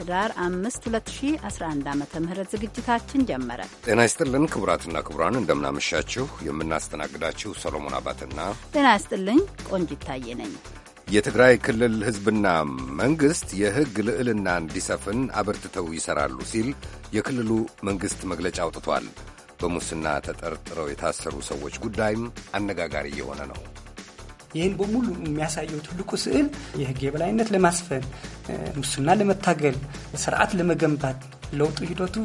ህዳር 5 2011 ዓ ም ዝግጅታችን ጀመረ። ጤና ይስጥልን ክቡራትና ክቡራን፣ እንደምናመሻችሁ። የምናስተናግዳችሁ ሰሎሞን አባትና ጤና ይስጥልኝ ቆንጅ ይታየ ነኝ። የትግራይ ክልል ሕዝብና መንግሥት የሕግ ልዕልና እንዲሰፍን አበርትተው ይሠራሉ ሲል የክልሉ መንግሥት መግለጫ አውጥቷል። በሙስና ተጠርጥረው የታሰሩ ሰዎች ጉዳይም አነጋጋሪ የሆነ ነው። ይህን በሙሉ የሚያሳየው ትልቁ ስዕል የህግ የበላይነት ለማስፈን፣ ሙስና ለመታገል፣ ስርዓት ለመገንባት፣ ለውጡ ሂደቱ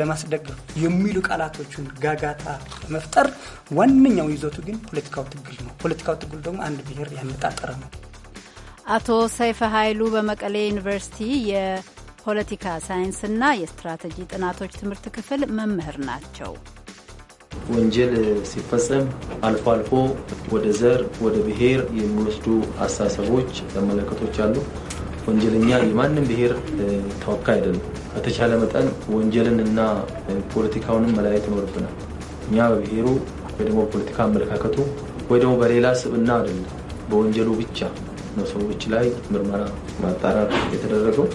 ለማስደገፍ የሚሉ ቃላቶቹን ጋጋታ መፍጠር፣ ዋነኛው ይዘቱ ግን ፖለቲካው ትግል ነው። ፖለቲካው ትግል ደግሞ አንድ ብሔር ያነጣጠረ ነው። አቶ ሰይፈ ኃይሉ በመቀሌ ዩኒቨርሲቲ የፖለቲካ ሳይንስና የስትራቴጂ ጥናቶች ትምህርት ክፍል መምህር ናቸው። ወንጀል ሲፈጸም አልፎ አልፎ ወደ ዘር፣ ወደ ብሔር የሚወስዱ አሳሰቦች አመለካከቶች አሉ። ወንጀለኛ የማንም ብሔር ተወካይ አይደለም። በተቻለ መጠን ወንጀልን እና ፖለቲካውንም መለያየት ይኖርብናል። እኛ በብሔሩ ወይ ደግሞ ፖለቲካ አመለካከቱ ወይ ደግሞ በሌላ ስብና አይደለም፣ በወንጀሉ ብቻ ነው ሰዎች ላይ ምርመራ ማጣራት የተደረገው።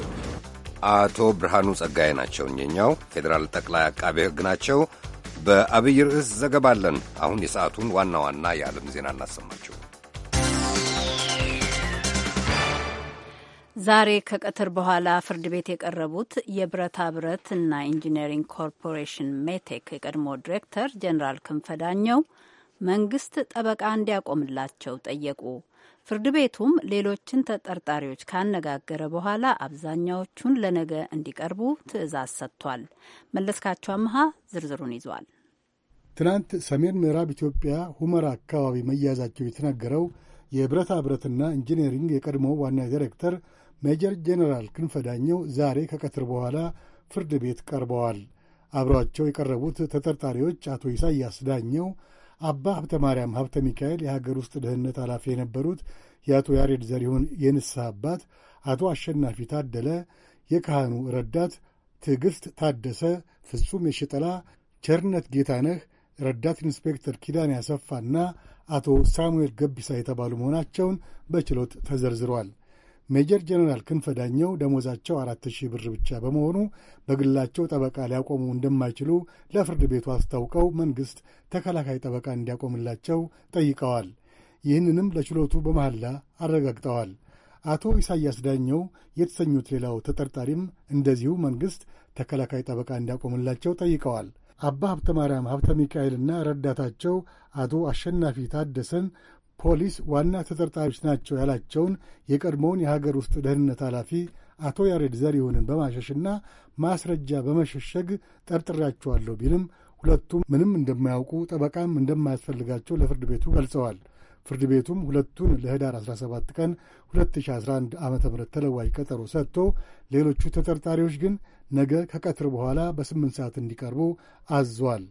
አቶ ብርሃኑ ጸጋዬ ናቸው። እኚኛው ፌዴራል ጠቅላይ አቃቤ ሕግ ናቸው። በአብይ ርዕስ ዘገባለን። አሁን የሰዓቱን ዋና ዋና የዓለም ዜና እናሰማችሁ። ዛሬ ከቀትር በኋላ ፍርድ ቤት የቀረቡት የብረታ ብረት እና ኢንጂነሪንግ ኮርፖሬሽን ሜቴክ የቀድሞ ዲሬክተር ጀኔራል ክንፈ ዳኘው መንግስት ጠበቃ እንዲያቆምላቸው ጠየቁ። ፍርድ ቤቱም ሌሎችን ተጠርጣሪዎች ካነጋገረ በኋላ አብዛኛዎቹን ለነገ እንዲቀርቡ ትዕዛዝ ሰጥቷል። መለስካቸው አመሃ ዝርዝሩን ይዟል። ትናንት ሰሜን ምዕራብ ኢትዮጵያ ሁመራ አካባቢ መያዛቸው የተናገረው የብረታ ብረትና ኢንጂነሪንግ የቀድሞ ዋና ዲሬክተር ሜጀር ጄኔራል ክንፈ ዳኘው ዛሬ ከቀትር በኋላ ፍርድ ቤት ቀርበዋል። አብረዋቸው የቀረቡት ተጠርጣሪዎች አቶ ኢሳያስ ዳኘው አባ ሀብተ ማርያም ሀብተ ሚካኤል የሀገር ውስጥ ደህንነት ኃላፊ የነበሩት የአቶ ያሬድ ዘሪሁን የንስሐ አባት አቶ አሸናፊ ታደለ፣ የካህኑ ረዳት ትዕግሥት ታደሰ፣ ፍጹም የሽጠላ፣ ቸርነት ጌታነህ፣ ረዳት ኢንስፔክተር ኪዳን ያሰፋና አቶ ሳሙኤል ገቢሳ የተባሉ መሆናቸውን በችሎት ተዘርዝረዋል። ሜጀር ጀኔራል ክንፈ ዳኘው ደሞዛቸው አራት ሺህ ብር ብቻ በመሆኑ በግላቸው ጠበቃ ሊያቆሙ እንደማይችሉ ለፍርድ ቤቱ አስታውቀው መንግሥት ተከላካይ ጠበቃ እንዲያቆምላቸው ጠይቀዋል። ይህንንም ለችሎቱ በመሐላ አረጋግጠዋል። አቶ ኢሳያስ ዳኘው የተሰኙት ሌላው ተጠርጣሪም እንደዚሁ መንግሥት ተከላካይ ጠበቃ እንዲያቆምላቸው ጠይቀዋል። አባ ሀብተ ማርያም ሀብተ ሚካኤልና ረዳታቸው አቶ አሸናፊ ታደሰን ፖሊስ ዋና ተጠርጣሪዎች ናቸው ያላቸውን የቀድሞውን የሀገር ውስጥ ደህንነት ኃላፊ አቶ ያሬድ ዘሪሁንን በማሸሽና ማስረጃ በመሸሸግ ጠርጥሬያቸዋለሁ ቢልም ሁለቱም ምንም እንደማያውቁ ጠበቃም እንደማያስፈልጋቸው ለፍርድ ቤቱ ገልጸዋል። ፍርድ ቤቱም ሁለቱን ለህዳር 17 ቀን 2011 ዓ ም ተለዋጅ ቀጠሮ ሰጥቶ ሌሎቹ ተጠርጣሪዎች ግን ነገ ከቀትር በኋላ በስምንት ሰዓት እንዲቀርቡ አዟል።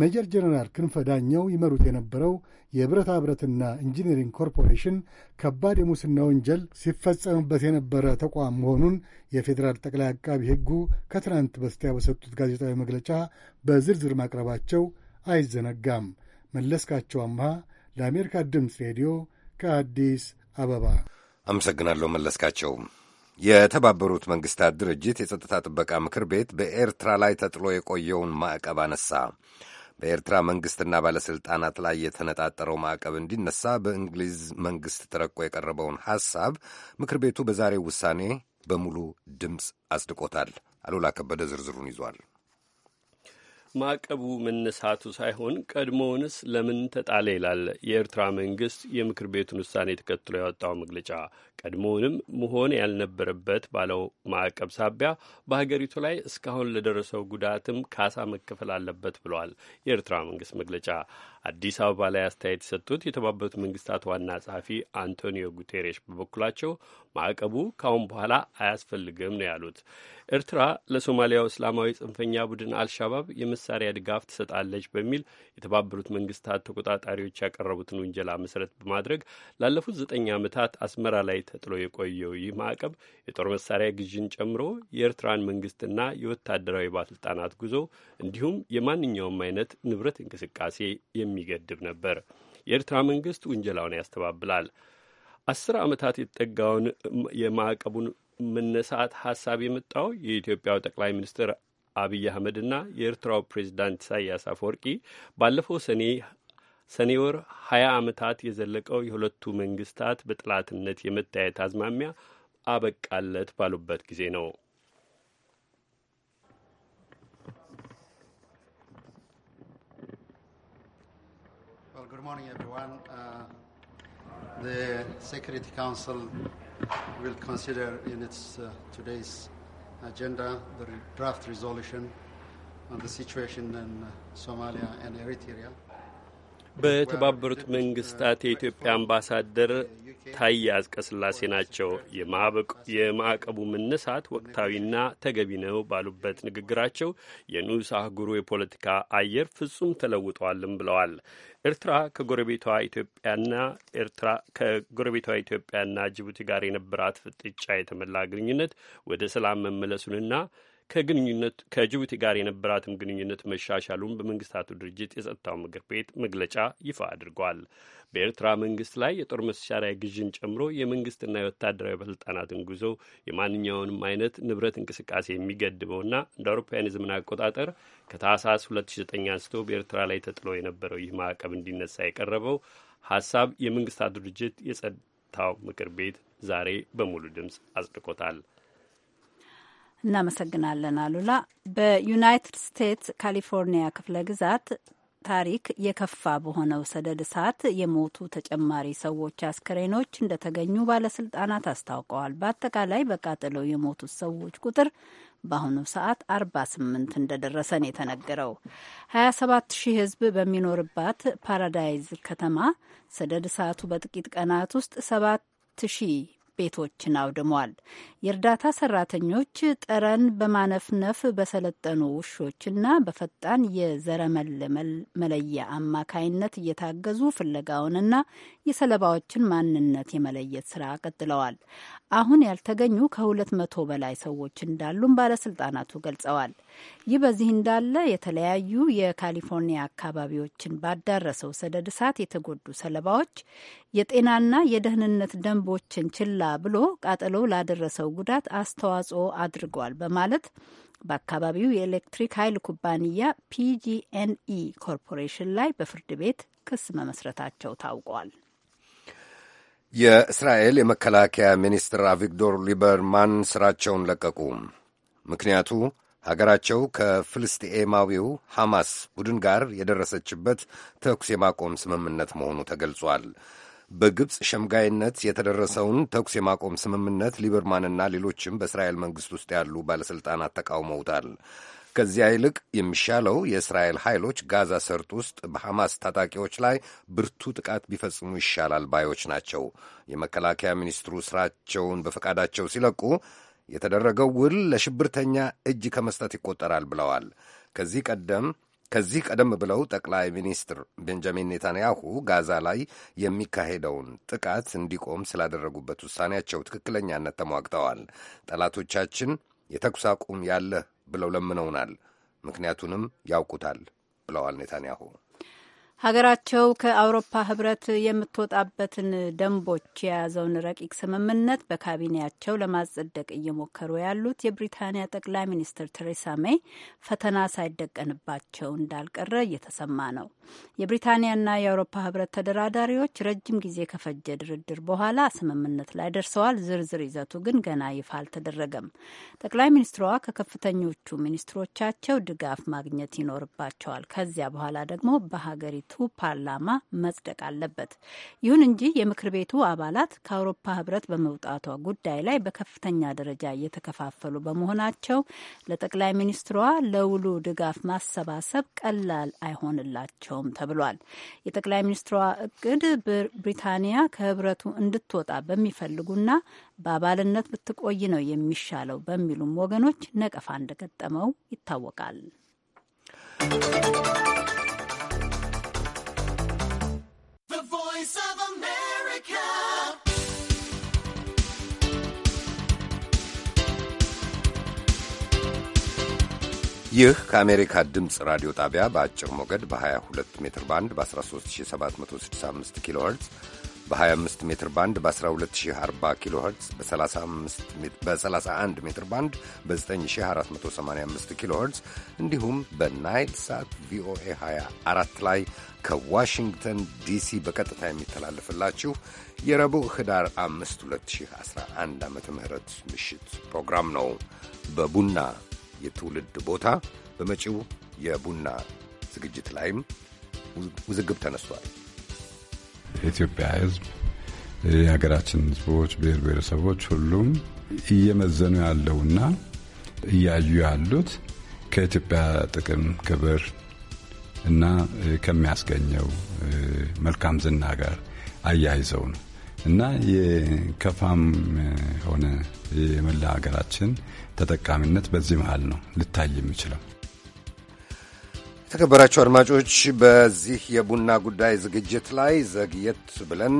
ሜጀር ጀነራል ክንፈ ዳኘው ይመሩት የነበረው የብረታ ብረትና ኢንጂነሪንግ ኮርፖሬሽን ከባድ የሙስና ወንጀል ሲፈጸምበት የነበረ ተቋም መሆኑን የፌዴራል ጠቅላይ አቃቢ ሕጉ ከትናንት በስቲያ በሰጡት ጋዜጣዊ መግለጫ በዝርዝር ማቅረባቸው አይዘነጋም። መለስካቸው አምሃ ለአሜሪካ ድምፅ ሬዲዮ ከአዲስ አበባ አመሰግናለሁ። መለስካቸው። የተባበሩት መንግስታት ድርጅት የጸጥታ ጥበቃ ምክር ቤት በኤርትራ ላይ ተጥሎ የቆየውን ማዕቀብ አነሳ። በኤርትራ መንግሥትና ባለሥልጣናት ላይ የተነጣጠረው ማዕቀብ እንዲነሳ በእንግሊዝ መንግሥት ተረቆ የቀረበውን ሐሳብ ምክር ቤቱ በዛሬው ውሳኔ በሙሉ ድምፅ አጽድቆታል። አሉላ ከበደ ዝርዝሩን ይዟል። ማዕቀቡ መነሳቱ ሳይሆን ቀድሞውንስ ለምን ተጣለ ይላል የኤርትራ መንግስት የምክር ቤቱን ውሳኔ ተከትሎ ያወጣው መግለጫ። ቀድሞውንም መሆን ያልነበረበት ባለው ማዕቀብ ሳቢያ በሀገሪቱ ላይ እስካሁን ለደረሰው ጉዳትም ካሳ መከፈል አለበት ብለዋል የኤርትራ መንግስት መግለጫ። አዲስ አበባ ላይ አስተያየት የሰጡት የተባበሩት መንግስታት ዋና ጸሐፊ አንቶኒዮ ጉቴሬሽ በበኩላቸው ማዕቀቡ ካሁን በኋላ አያስፈልግም ነው ያሉት። ኤርትራ ለሶማሊያው እስላማዊ ጽንፈኛ ቡድን አልሻባብ የመሳሪያ ድጋፍ ትሰጣለች በሚል የተባበሩት መንግስታት ተቆጣጣሪዎች ያቀረቡትን ውንጀላ መሰረት በማድረግ ላለፉት ዘጠኝ ዓመታት አስመራ ላይ ተጥሎ የቆየው ይህ ማዕቀብ የጦር መሳሪያ ግዥን ጨምሮ የኤርትራን መንግስትና የወታደራዊ ባለስልጣናት ጉዞ እንዲሁም የማንኛውም አይነት ንብረት እንቅስቃሴ የሚገድብ ነበር። የኤርትራ መንግስት ውንጀላውን ያስተባብላል። አስር ዓመታት የጠጋውን የማዕቀቡን መነሳት ሀሳብ የመጣው የኢትዮጵያው ጠቅላይ ሚኒስትር አብይ አህመድና የኤርትራው ፕሬዚዳንት ኢሳያስ አፈወርቂ ባለፈው ሰኔ ሰኔ ወር ሀያ ዓመታት የዘለቀው የሁለቱ መንግስታት በጥላትነት የመታየት አዝማሚያ አበቃለት ባሉበት ጊዜ ነው። good morning, everyone. Uh... the Security Council will consider in its uh, today's agenda the draft resolution on the situation in uh, Somalia and Eritrea. በተባበሩት መንግስታት የኢትዮጵያ አምባሳደር ታዬ አጽቀሥላሴ ናቸው። የማዕቀቡ መነሳት ወቅታዊና ተገቢ ነው ባሉበት ንግግራቸው የንዑስ አህጉሩ የፖለቲካ አየር ፍጹም ተለውጧልም ብለዋል። ኤርትራ ከጎረቤቷ ኢትዮጵያና ኤርትራ ከጎረቤቷ ኢትዮጵያና ጅቡቲ ጋር የነበራት ፍጥጫ የተመላ ግንኙነት ወደ ሰላም መመለሱንና ከግንኙነት ከጅቡቲ ጋር የነበራትም ግንኙነት መሻሻሉን በመንግስታቱ ድርጅት የጸጥታው ምክር ቤት መግለጫ ይፋ አድርጓል። በኤርትራ መንግስት ላይ የጦር መሳሪያ ግዥን ጨምሮ የመንግስትና የወታደራዊ ባለስልጣናትን ጉዞ የማንኛውንም አይነት ንብረት እንቅስቃሴ የሚገድበውና እንደ አውሮፓውያን የዘመን አቆጣጠር ከታህሳስ 2009 አንስቶ በኤርትራ ላይ ተጥሎ የነበረው ይህ ማዕቀብ እንዲነሳ የቀረበው ሀሳብ የመንግስታቱ ድርጅት የጸጥታው ምክር ቤት ዛሬ በሙሉ ድምፅ አጽድቆታል። እናመሰግናለን አሉላ። በዩናይትድ ስቴትስ ካሊፎርኒያ ክፍለ ግዛት ታሪክ የከፋ በሆነው ሰደድ እሳት የሞቱ ተጨማሪ ሰዎች አስከሬኖች እንደተገኙ ባለስልጣናት አስታውቀዋል። በአጠቃላይ በቃጠለው የሞቱት ሰዎች ቁጥር በአሁኑ ሰዓት 48 እንደደረሰ ነው የተነገረው። 27 ሺህ ሕዝብ በሚኖርባት ፓራዳይዝ ከተማ ሰደድ እሳቱ በጥቂት ቀናት ውስጥ ሰባት ሺህ ቤቶችን አውድሟል። የእርዳታ ሰራተኞች ጠረን በማነፍነፍ በሰለጠኑ ውሾችና በፈጣን የዘረመል መለያ አማካይነት እየታገዙ ፍለጋውንና የሰለባዎችን ማንነት የመለየት ስራ ቀጥለዋል። አሁን ያልተገኙ ከሁለት መቶ በላይ ሰዎች እንዳሉም ባለስልጣናቱ ገልጸዋል። ይህ በዚህ እንዳለ የተለያዩ የካሊፎርኒያ አካባቢዎችን ባዳረሰው ሰደድ እሳት የተጎዱ ሰለባዎች የጤናና የደህንነት ደንቦችን ችላ ብሎ ቃጠሎ ላደረሰው ጉዳት አስተዋጽኦ አድርጓል በማለት በአካባቢው የኤሌክትሪክ ኃይል ኩባንያ ፒጂኤንኢ ኮርፖሬሽን ላይ በፍርድ ቤት ክስ መመስረታቸው ታውቋል። የእስራኤል የመከላከያ ሚኒስትር አቪግዶር ሊበርማን ስራቸውን ለቀቁ። ምክንያቱ ሀገራቸው ከፍልስጤማዊው ሐማስ ቡድን ጋር የደረሰችበት ተኩስ የማቆም ስምምነት መሆኑ ተገልጿል። በግብፅ ሸምጋይነት የተደረሰውን ተኩስ የማቆም ስምምነት ሊበርማንና ሌሎችም በእስራኤል መንግሥት ውስጥ ያሉ ባለሥልጣናት ተቃውመውታል። ከዚያ ይልቅ የሚሻለው የእስራኤል ኃይሎች ጋዛ ሰርጥ ውስጥ በሐማስ ታጣቂዎች ላይ ብርቱ ጥቃት ቢፈጽሙ ይሻላል ባዮች ናቸው። የመከላከያ ሚኒስትሩ ስራቸውን በፈቃዳቸው ሲለቁ የተደረገው ውል ለሽብርተኛ እጅ ከመስጠት ይቆጠራል ብለዋል። ከዚህ ቀደም ከዚህ ቀደም ብለው ጠቅላይ ሚኒስትር ቤንጃሚን ኔታንያሁ ጋዛ ላይ የሚካሄደውን ጥቃት እንዲቆም ስላደረጉበት ውሳኔያቸው ትክክለኛነት ተሟግተዋል። ጠላቶቻችን የተኩስ አቁም ያለህ ብለው ለምነውናል፣ ምክንያቱንም ያውቁታል ብለዋል ኔታንያሁ። ሀገራቸው ከአውሮፓ ህብረት የምትወጣበትን ደንቦች የያዘውን ረቂቅ ስምምነት በካቢኔያቸው ለማጸደቅ እየሞከሩ ያሉት የብሪታንያ ጠቅላይ ሚኒስትር ቴሬሳ ሜይ ፈተና ሳይደቀንባቸው እንዳልቀረ እየተሰማ ነው። የብሪታንያና የአውሮፓ ህብረት ተደራዳሪዎች ረጅም ጊዜ ከፈጀ ድርድር በኋላ ስምምነት ላይ ደርሰዋል። ዝርዝር ይዘቱ ግን ገና ይፋ አልተደረገም። ጠቅላይ ሚኒስትሯ ከከፍተኞቹ ሚኒስትሮቻቸው ድጋፍ ማግኘት ይኖርባቸዋል። ከዚያ በኋላ ደግሞ በሀገሪቱ በሀገሪቱ ፓርላማ መጽደቅ አለበት። ይሁን እንጂ የምክር ቤቱ አባላት ከአውሮፓ ህብረት በመውጣቷ ጉዳይ ላይ በከፍተኛ ደረጃ እየተከፋፈሉ በመሆናቸው ለጠቅላይ ሚኒስትሯ ለውሉ ድጋፍ ማሰባሰብ ቀላል አይሆንላቸውም ተብሏል። የጠቅላይ ሚኒስትሯ እቅድ ብሪታንያ ከህብረቱ እንድትወጣ በሚፈልጉና በአባልነት ብትቆይ ነው የሚሻለው በሚሉም ወገኖች ነቀፋ እንደገጠመው ይታወቃል። ይህ ከአሜሪካ ድምፅ ራዲዮ ጣቢያ በአጭር ሞገድ በ22 ሜትር ባንድ በ13765 ኪሎ ኸርትዝ በ25 ሜትር ባንድ በ1240 ኪሎ ኸርትዝ በ31 ሜትር ባንድ በ9485 ኪሎ ኸርትዝ እንዲሁም በናይል ሳት ቪኦኤ 24 ላይ ከዋሽንግተን ዲሲ በቀጥታ የሚተላለፍላችሁ የረቡዕ ህዳር 5 2011 ዓ ም ምሽት ፕሮግራም ነው። በቡና የትውልድ ቦታ በመጪው የቡና ዝግጅት ላይም ውዝግብ ተነስቷል። የኢትዮጵያ ሕዝብ፣ የሀገራችን ሕዝቦች፣ ብሔር ብሔረሰቦች ሁሉም እየመዘኑ ያለውና እያዩ ያሉት ከኢትዮጵያ ጥቅም ክብር እና ከሚያስገኘው መልካም ዝና ጋር አያይዘው ነው እና የከፋም ሆነ የመላ ሀገራችን ተጠቃሚነት በዚህ መሀል ነው ልታይ የሚችለው። የተከበራችሁ አድማጮች በዚህ የቡና ጉዳይ ዝግጅት ላይ ዘግየት ብለን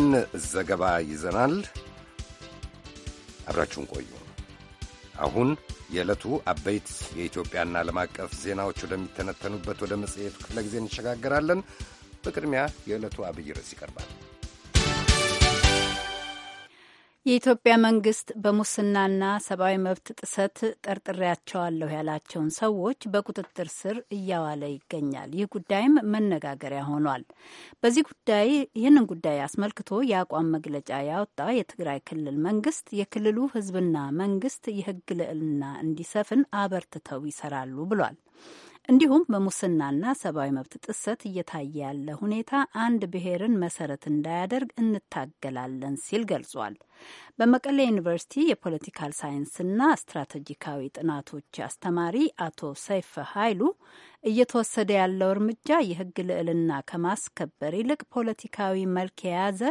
ዘገባ ይዘናል። አብራችሁን ቆዩ። አሁን የዕለቱ አበይት የኢትዮጵያና ዓለም አቀፍ ዜናዎች ወደሚተነተኑበት ወደ መጽሔቱ ክፍለ ጊዜ እንሸጋገራለን። በቅድሚያ የዕለቱ አብይ ርዕስ ይቀርባል። የኢትዮጵያ መንግስት በሙስናና ሰብአዊ መብት ጥሰት ጠርጥሬያቸዋለሁ ያላቸውን ሰዎች በቁጥጥር ስር እያዋለ ይገኛል። ይህ ጉዳይም መነጋገሪያ ሆኗል። በዚህ ጉዳይ ይህንን ጉዳይ አስመልክቶ የአቋም መግለጫ ያወጣ የትግራይ ክልል መንግስት የክልሉ ህዝብና መንግስት የህግ ልዕልና እንዲሰፍን አበርትተው ይሰራሉ ብሏል። እንዲሁም በሙስናና ሰብአዊ መብት ጥሰት እየታየ ያለ ሁኔታ አንድ ብሔርን መሰረት እንዳያደርግ እንታገላለን ሲል ገልጿል። በመቀሌ ዩኒቨርሲቲ የፖለቲካል ሳይንስና ስትራቴጂካዊ ጥናቶች አስተማሪ አቶ ሰይፈ ኃይሉ እየተወሰደ ያለው እርምጃ የሕግ ልዕልና ከማስከበር ይልቅ ፖለቲካዊ መልክ የያዘ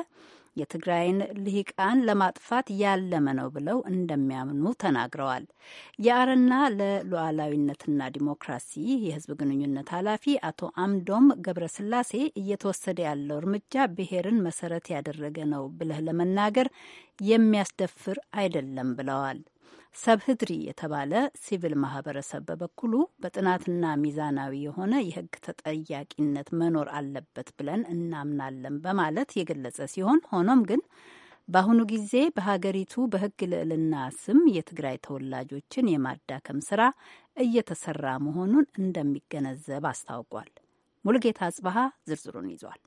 የትግራይን ልሂቃን ለማጥፋት ያለመ ነው ብለው እንደሚያምኑ ተናግረዋል። የአረና ለሉዓላዊነትና ዲሞክራሲ የህዝብ ግንኙነት ኃላፊ አቶ አምዶም ገብረስላሴ እየተወሰደ ያለው እርምጃ ብሔርን መሰረት ያደረገ ነው ብለህ ለመናገር የሚያስደፍር አይደለም ብለዋል። ሰብህድሪ የተባለ ሲቪል ማህበረሰብ በበኩሉ በጥናትና ሚዛናዊ የሆነ የህግ ተጠያቂነት መኖር አለበት ብለን እናምናለን በማለት የገለጸ ሲሆን ሆኖም ግን በአሁኑ ጊዜ በሀገሪቱ በህግ ልዕልና ስም የትግራይ ተወላጆችን የማዳከም ስራ እየተሰራ መሆኑን እንደሚገነዘብ አስታውቋል። ሙልጌታ አጽበሃ ዝርዝሩን ይዟል።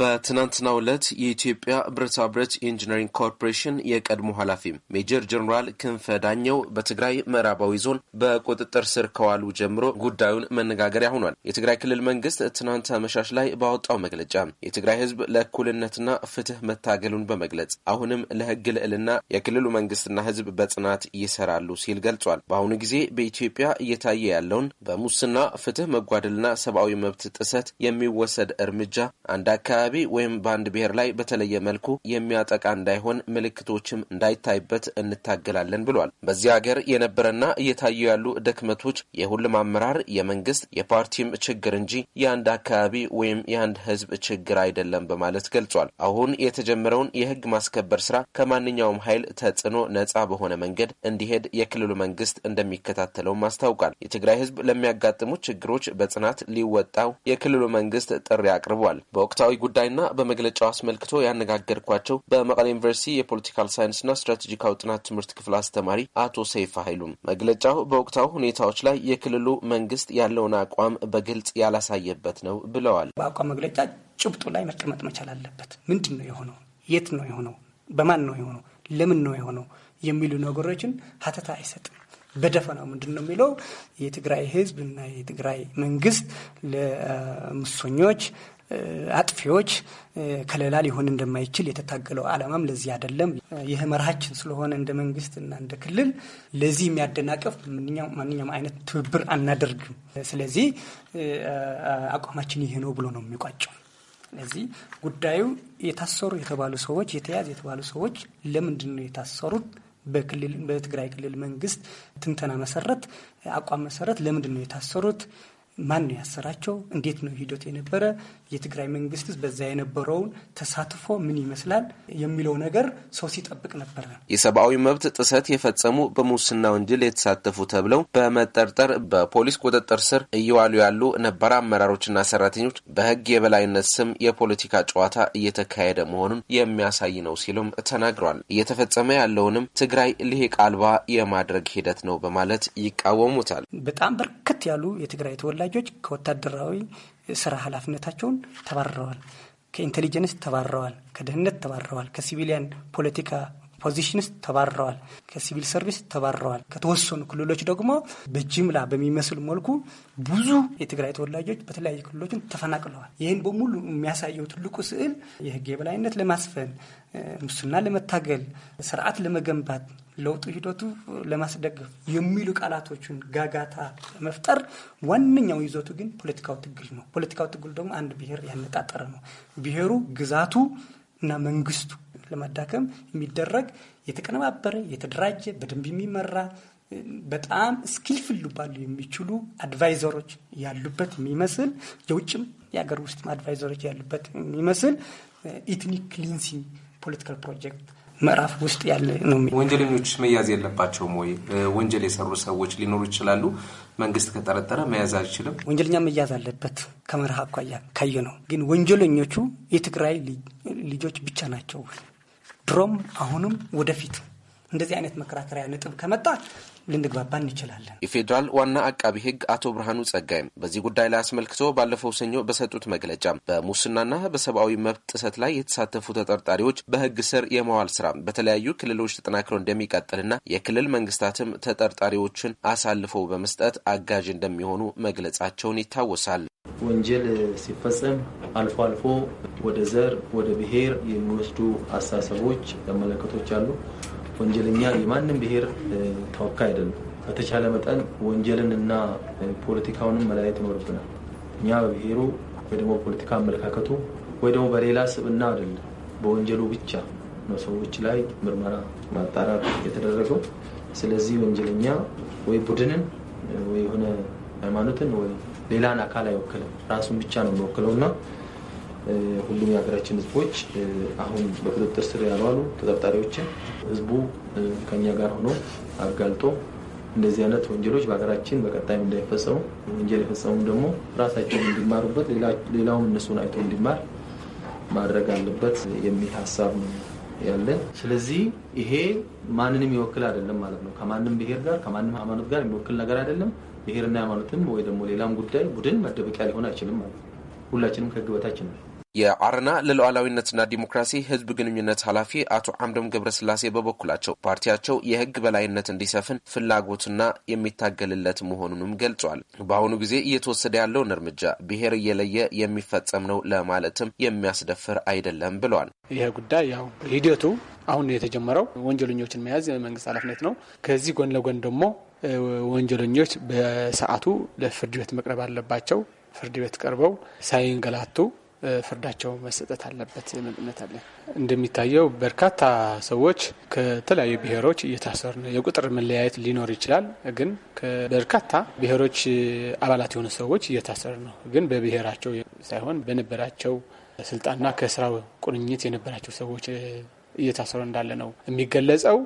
በትናንትናው ዕለት የኢትዮጵያ ብረታ ብረት ኢንጂነሪንግ ኮርፖሬሽን የቀድሞ ኃላፊ ሜጀር ጀኔራል ክንፈ ዳኘው በትግራይ ምዕራባዊ ዞን በቁጥጥር ስር ከዋሉ ጀምሮ ጉዳዩን መነጋገሪያ ሆኗል። የትግራይ ክልል መንግስት ትናንት አመሻሽ ላይ ባወጣው መግለጫ የትግራይ ህዝብ ለእኩልነትና ፍትህ መታገሉን በመግለጽ አሁንም ለህግ ልዕልና የክልሉ መንግስትና ህዝብ በጽናት ይሰራሉ ሲል ገልጿል። በአሁኑ ጊዜ በኢትዮጵያ እየታየ ያለውን በሙስና ፍትህ መጓደልና ሰብአዊ መብት ጥሰት የሚወሰድ እርምጃ አንድ አካባቢ አካባቢ ወይም በአንድ ብሔር ላይ በተለየ መልኩ የሚያጠቃ እንዳይሆን ምልክቶችም እንዳይታይበት እንታገላለን ብሏል። በዚህ ሀገር የነበረና እየታዩ ያሉ ደክመቶች የሁሉም አመራር የመንግስት የፓርቲም ችግር እንጂ የአንድ አካባቢ ወይም የአንድ ህዝብ ችግር አይደለም በማለት ገልጿል። አሁን የተጀመረውን የህግ ማስከበር ስራ ከማንኛውም ኃይል ተጽዕኖ ነጻ በሆነ መንገድ እንዲሄድ የክልሉ መንግስት እንደሚከታተለውም አስታውቋል። የትግራይ ህዝብ ለሚያጋጥሙ ችግሮች በጽናት ሊወጣው የክልሉ መንግስት ጥሪ አቅርቧል። በወቅታዊ ጉዳይና በመግለጫው አስመልክቶ ያነጋገርኳቸው በመቀሌ ዩኒቨርሲቲ የፖለቲካል ሳይንስና ስትራቴጂካዊ ጥናት ትምህርት ክፍል አስተማሪ አቶ ሰይፋ ኃይሉም መግለጫው በወቅታዊ ሁኔታዎች ላይ የክልሉ መንግስት ያለውን አቋም በግልጽ ያላሳየበት ነው ብለዋል። በአቋም መግለጫ ጭብጡ ላይ መቀመጥ መቻል አለበት። ምንድን ነው የሆነው? የት ነው የሆነው? በማን ነው የሆነው? ለምን ነው የሆነው? የሚሉ ነገሮችን ሀተታ አይሰጥም። በደፈናው ምንድን ነው የሚለው የትግራይ ህዝብ እና የትግራይ መንግስት ለምሶኞች አጥፊዎች ከለላ ሊሆን እንደማይችል የተታገለው ዓላማም ለዚህ አይደለም። ይህ መርሃችን ስለሆነ እንደ መንግስት እና እንደ ክልል ለዚህ የሚያደናቀፍ ማንኛውም አይነት ትብብር አናደርግም። ስለዚህ አቋማችን ይሄ ነው ብሎ ነው የሚቋጨው። ስለዚህ ጉዳዩ የታሰሩ የተባሉ ሰዎች የተያዙ የተባሉ ሰዎች ለምንድን ነው የታሰሩት? በክልል በትግራይ ክልል መንግስት ትንተና መሰረት አቋም መሰረት ለምንድን ነው የታሰሩት? ማን ነው ያሰራቸው? እንዴት ነው ሂደት የነበረ? የትግራይ መንግስትስ በዛ የነበረውን ተሳትፎ ምን ይመስላል የሚለው ነገር ሰው ሲጠብቅ ነበረ። የሰብአዊ መብት ጥሰት የፈጸሙ በሙስና ወንጀል የተሳተፉ ተብለው በመጠርጠር በፖሊስ ቁጥጥር ስር እየዋሉ ያሉ ነባር አመራሮችና ሰራተኞች በህግ የበላይነት ስም የፖለቲካ ጨዋታ እየተካሄደ መሆኑን የሚያሳይ ነው ሲሉም ተናግሯል። እየተፈጸመ ያለውንም ትግራይ ልሂቅ አልባ የማድረግ ሂደት ነው በማለት ይቃወሙታል። በጣም በርከት ያሉ የትግራይ ተወላ ተወላጆች ከወታደራዊ ስራ ኃላፊነታቸውን ተባረዋል፣ ከኢንቴሊጀንስ ተባረዋል፣ ከደህንነት ተባረዋል፣ ከሲቪሊያን ፖለቲካ ፖዚሽንስ ተባረዋል፣ ከሲቪል ሰርቪስ ተባረዋል። ከተወሰኑ ክልሎች ደግሞ በጅምላ በሚመስል መልኩ ብዙ የትግራይ ተወላጆች በተለያዩ ክልሎችን ተፈናቅለዋል። ይህን በሙሉ የሚያሳየው ትልቁ ስዕል የህግ የበላይነት ለማስፈን ሙስና ለመታገል ስርዓት ለመገንባት ለውጡ ሂደቱ ለማስደገፍ የሚሉ ቃላቶችን ጋጋታ ለመፍጠር ዋነኛው ይዘቱ ግን ፖለቲካው ትግል ነው። ፖለቲካው ትግል ደግሞ አንድ ብሔር ያነጣጠረ ነው። ብሔሩ፣ ግዛቱ እና መንግስቱ ለማዳከም የሚደረግ የተቀነባበረ የተደራጀ በደንብ የሚመራ በጣም ስኪልፍል ሊባሉ የሚችሉ አድቫይዘሮች ያሉበት የሚመስል የውጭም የሀገር ውስጥም አድቫይዘሮች ያሉበት የሚመስል ኢትኒክ ክሊንሲንግ ፖለቲካል ፕሮጀክት ምዕራፍ ውስጥ ያለ ነው። ወንጀለኞች መያዝ የለባቸውም ወይ? ወንጀል የሰሩ ሰዎች ሊኖሩ ይችላሉ። መንግስት ከጠረጠረ መያዝ አይችልም። ወንጀለኛ መያዝ አለበት። ከመርህ አኳያ ካየ ነው። ግን ወንጀለኞቹ የትግራይ ልጆች ብቻ ናቸው። ድሮም አሁንም ወደፊት እንደዚህ አይነት መከራከሪያ ነጥብ ከመጣ ልንግባባ እንችላለን። የፌዴራል ዋና አቃቢ ህግ አቶ ብርሃኑ ጸጋይም በዚህ ጉዳይ ላይ አስመልክቶ ባለፈው ሰኞ በሰጡት መግለጫ በሙስናና በሰብአዊ መብት ጥሰት ላይ የተሳተፉ ተጠርጣሪዎች በህግ ስር የመዋል ስራ በተለያዩ ክልሎች ተጠናክሮ እንደሚቀጥልና የክልል መንግስታትም ተጠርጣሪዎችን አሳልፈው በመስጠት አጋዥ እንደሚሆኑ መግለጻቸውን ይታወሳል። ወንጀል ሲፈጸም አልፎ አልፎ ወደ ዘር፣ ወደ ብሔር የሚወስዱ አስተሳሰቦች፣ ተመለከቶች አሉ። ወንጀለኛ የማንም ብሔር ተወካይ አይደለም። በተቻለ መጠን ወንጀልን እና ፖለቲካውንም መለያየት ይኖርብናል። እኛ በብሔሩ ወይ ደግሞ ፖለቲካ አመለካከቱ ወይ ደግሞ በሌላ ስብና አይደለም፣ በወንጀሉ ብቻ ነው ሰዎች ላይ ምርመራ ማጣራት የተደረገው። ስለዚህ ወንጀለኛ ወይ ቡድንን ወይ የሆነ ሃይማኖትን ወይ ሌላን አካል አይወክልም፣ ራሱን ብቻ ነው የሚወክለው እና ሁሉም የሀገራችን ህዝቦች አሁን በቁጥጥር ስር ያልዋሉ ተጠርጣሪዎችን ህዝቡ ከኛ ጋር ሆኖ አጋልጦ እንደዚህ አይነት ወንጀሎች በሀገራችን በቀጣይም እንዳይፈጸሙ ወንጀል የፈጸሙም ደግሞ ራሳቸውን እንዲማሩበት ሌላውም እነሱን አይቶ እንዲማር ማድረግ አለበት የሚል ሀሳብ ነው ያለን። ስለዚህ ይሄ ማንንም ይወክል አይደለም ማለት ነው። ከማንም ብሔር ጋር ከማንም ሃይማኖት ጋር የሚወክል ነገር አይደለም። ብሄርና ሃይማኖትም ወይ ደግሞ ሌላም ጉዳይ ቡድን መደበቂያ ሊሆን አይችልም ማለት ነው። ሁላችንም ከህግ ነው። የአረና ለሉዓላዊነትና ዲሞክራሲ ህዝብ ግንኙነት ኃላፊ አቶ አምዶም ገብረስላሴ በበኩላቸው ፓርቲያቸው የህግ በላይነት እንዲሰፍን ፍላጎትና የሚታገልለት መሆኑንም ገልጿል። በአሁኑ ጊዜ እየተወሰደ ያለውን እርምጃ ብሔር እየለየ የሚፈጸም ነው ለማለትም የሚያስደፍር አይደለም ብለዋል። ይሄ ጉዳይ ያው ሂደቱ አሁን የተጀመረው ወንጀለኞችን መያዝ የመንግስት ኃላፊነት ነው። ከዚህ ጎን ለጎን ደግሞ ወንጀለኞች በሰዓቱ ለፍርድ ቤት መቅረብ አለባቸው። ፍርድ ቤት ቀርበው ሳይንገላቱ ፍርዳቸው መሰጠት አለበት የሚል እምነት አለን። እንደሚታየው በርካታ ሰዎች ከተለያዩ ብሔሮች እየታሰሩ ነው። የቁጥር መለያየት ሊኖር ይችላል፣ ግን በርካታ ብሔሮች አባላት የሆኑ ሰዎች እየታሰሩ ነው። ግን በብሔራቸው ሳይሆን በነበራቸው ስልጣንና ከስራው ቁርኝት የነበራቸው ሰዎች እየታሰሩ እንዳለ ነው የሚገለጸው።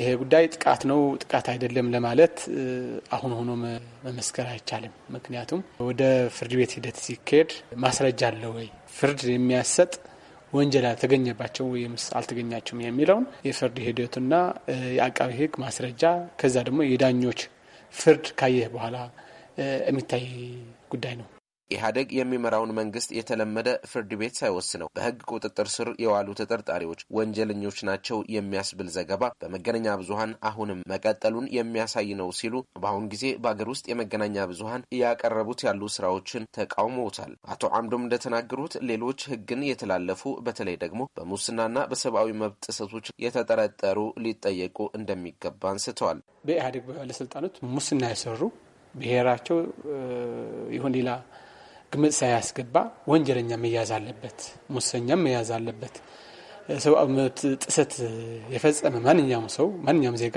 ይሄ ጉዳይ ጥቃት ነው ጥቃት አይደለም ለማለት አሁን ሆኖ መመስከር አይቻልም። ምክንያቱም ወደ ፍርድ ቤት ሂደት ሲካሄድ ማስረጃ አለ ወይ ፍርድ የሚያሰጥ ወንጀል አልተገኘባቸው ወይምስ አልተገኛቸውም የሚለውን የፍርድ ሂደቱና የአቃቢ ሕግ ማስረጃ ከዛ ደግሞ የዳኞች ፍርድ ካየህ በኋላ የሚታይ ጉዳይ ነው። ኢህአደግ የሚመራውን መንግስት የተለመደ ፍርድ ቤት ሳይወስነው በህግ ቁጥጥር ስር የዋሉ ተጠርጣሪዎች ወንጀለኞች ናቸው የሚያስብል ዘገባ በመገናኛ ብዙሀን አሁንም መቀጠሉን የሚያሳይ ነው ሲሉ በአሁን ጊዜ በአገር ውስጥ የመገናኛ ብዙሀን እያቀረቡት ያሉ ስራዎችን ተቃውመውታል። አቶ አምዶም እንደተናገሩት ሌሎች ህግን የተላለፉ በተለይ ደግሞ በሙስናና በሰብአዊ መብት ጥሰቶች የተጠረጠሩ ሊጠየቁ እንደሚገባ አንስተዋል። በኢህአዴግ ባለስልጣኖች ሙስና የሰሩ ብሔራቸው ይሁን ሌላ ግምት ሳያስገባ ወንጀለኛ መያዝ አለበት፣ ሙሰኛም መያዝ አለበት። ሰብአዊ መብት ጥሰት የፈጸመ ማንኛውም ሰው ማንኛውም ዜጋ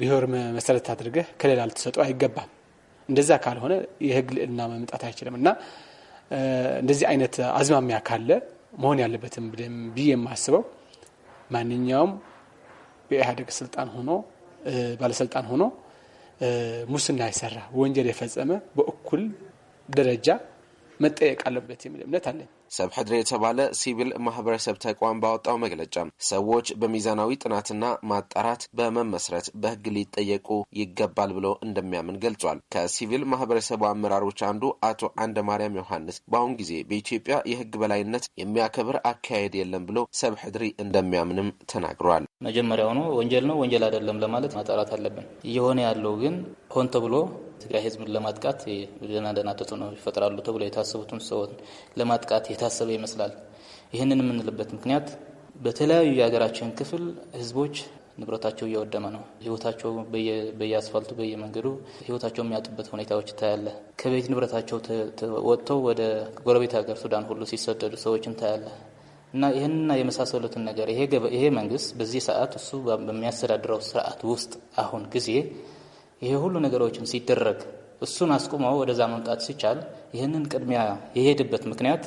ብሔር መሰረት አድርገህ ከሌላ ልትሰጠው አይገባም። እንደዛ ካልሆነ የህግ ልዕልና መምጣት አይችልም እና እንደዚህ አይነት አዝማሚያ ካለ መሆን ያለበትም ብዬ የማስበው ማንኛውም በኢህአዴግ ስልጣን ሆኖ ባለስልጣን ሆኖ ሙስና የሰራ ወንጀል የፈጸመ በእኩል ደረጃ መጠየቅ አለበት የሚል እምነት አለኝ። ሰብ ድሬ የተባለ ሲቪል ማህበረሰብ ተቋም ባወጣው መግለጫ ሰዎች በሚዛናዊ ጥናትና ማጣራት በመመስረት በሕግ ሊጠየቁ ይገባል ብሎ እንደሚያምን ገልጿል። ከሲቪል ማህበረሰቡ አመራሮች አንዱ አቶ አንደ ማርያም ዮሐንስ በአሁን ጊዜ በኢትዮጵያ የሕግ በላይነት የሚያከብር አካሄድ የለም ብሎ ሰብ ሕድሪ እንደሚያምንም ተናግሯል። መጀመሪያው ነው ወንጀል ነው ወንጀል አይደለም ለማለት ማጣራት አለብን። እየሆነ ያለው ግን ሆን ተብሎ የትግራይ ህዝብን ለማጥቃት ደና ደህና ተጽዕኖ ይፈጥራሉ ተብሎ የታሰቡትን ሰዎች ለማጥቃት የታሰበ ይመስላል። ይህንን የምንልበት ምክንያት በተለያዩ የሀገራችን ክፍል ህዝቦች ንብረታቸው እየወደመ ነው። ህይወታቸው በየአስፋልቱ በየመንገዱ ህይወታቸው የሚያጡበት ሁኔታዎች ታያለ። ከቤት ንብረታቸው ወጥተው ወደ ጎረቤት ሀገር ሱዳን ሁሉ ሲሰደዱ ሰዎችን ታያለ እና ይህንና የመሳሰሉትን ነገር ይሄ መንግስት በዚህ ሰዓት እሱ በሚያስተዳድረው ስርዓት ውስጥ አሁን ጊዜ ይሄ ሁሉ ነገሮችን ሲደረግ እሱን አስቁመው ወደዛ መምጣት ሲቻል ይህንን ቅድሚያ የሄድበት ምክንያት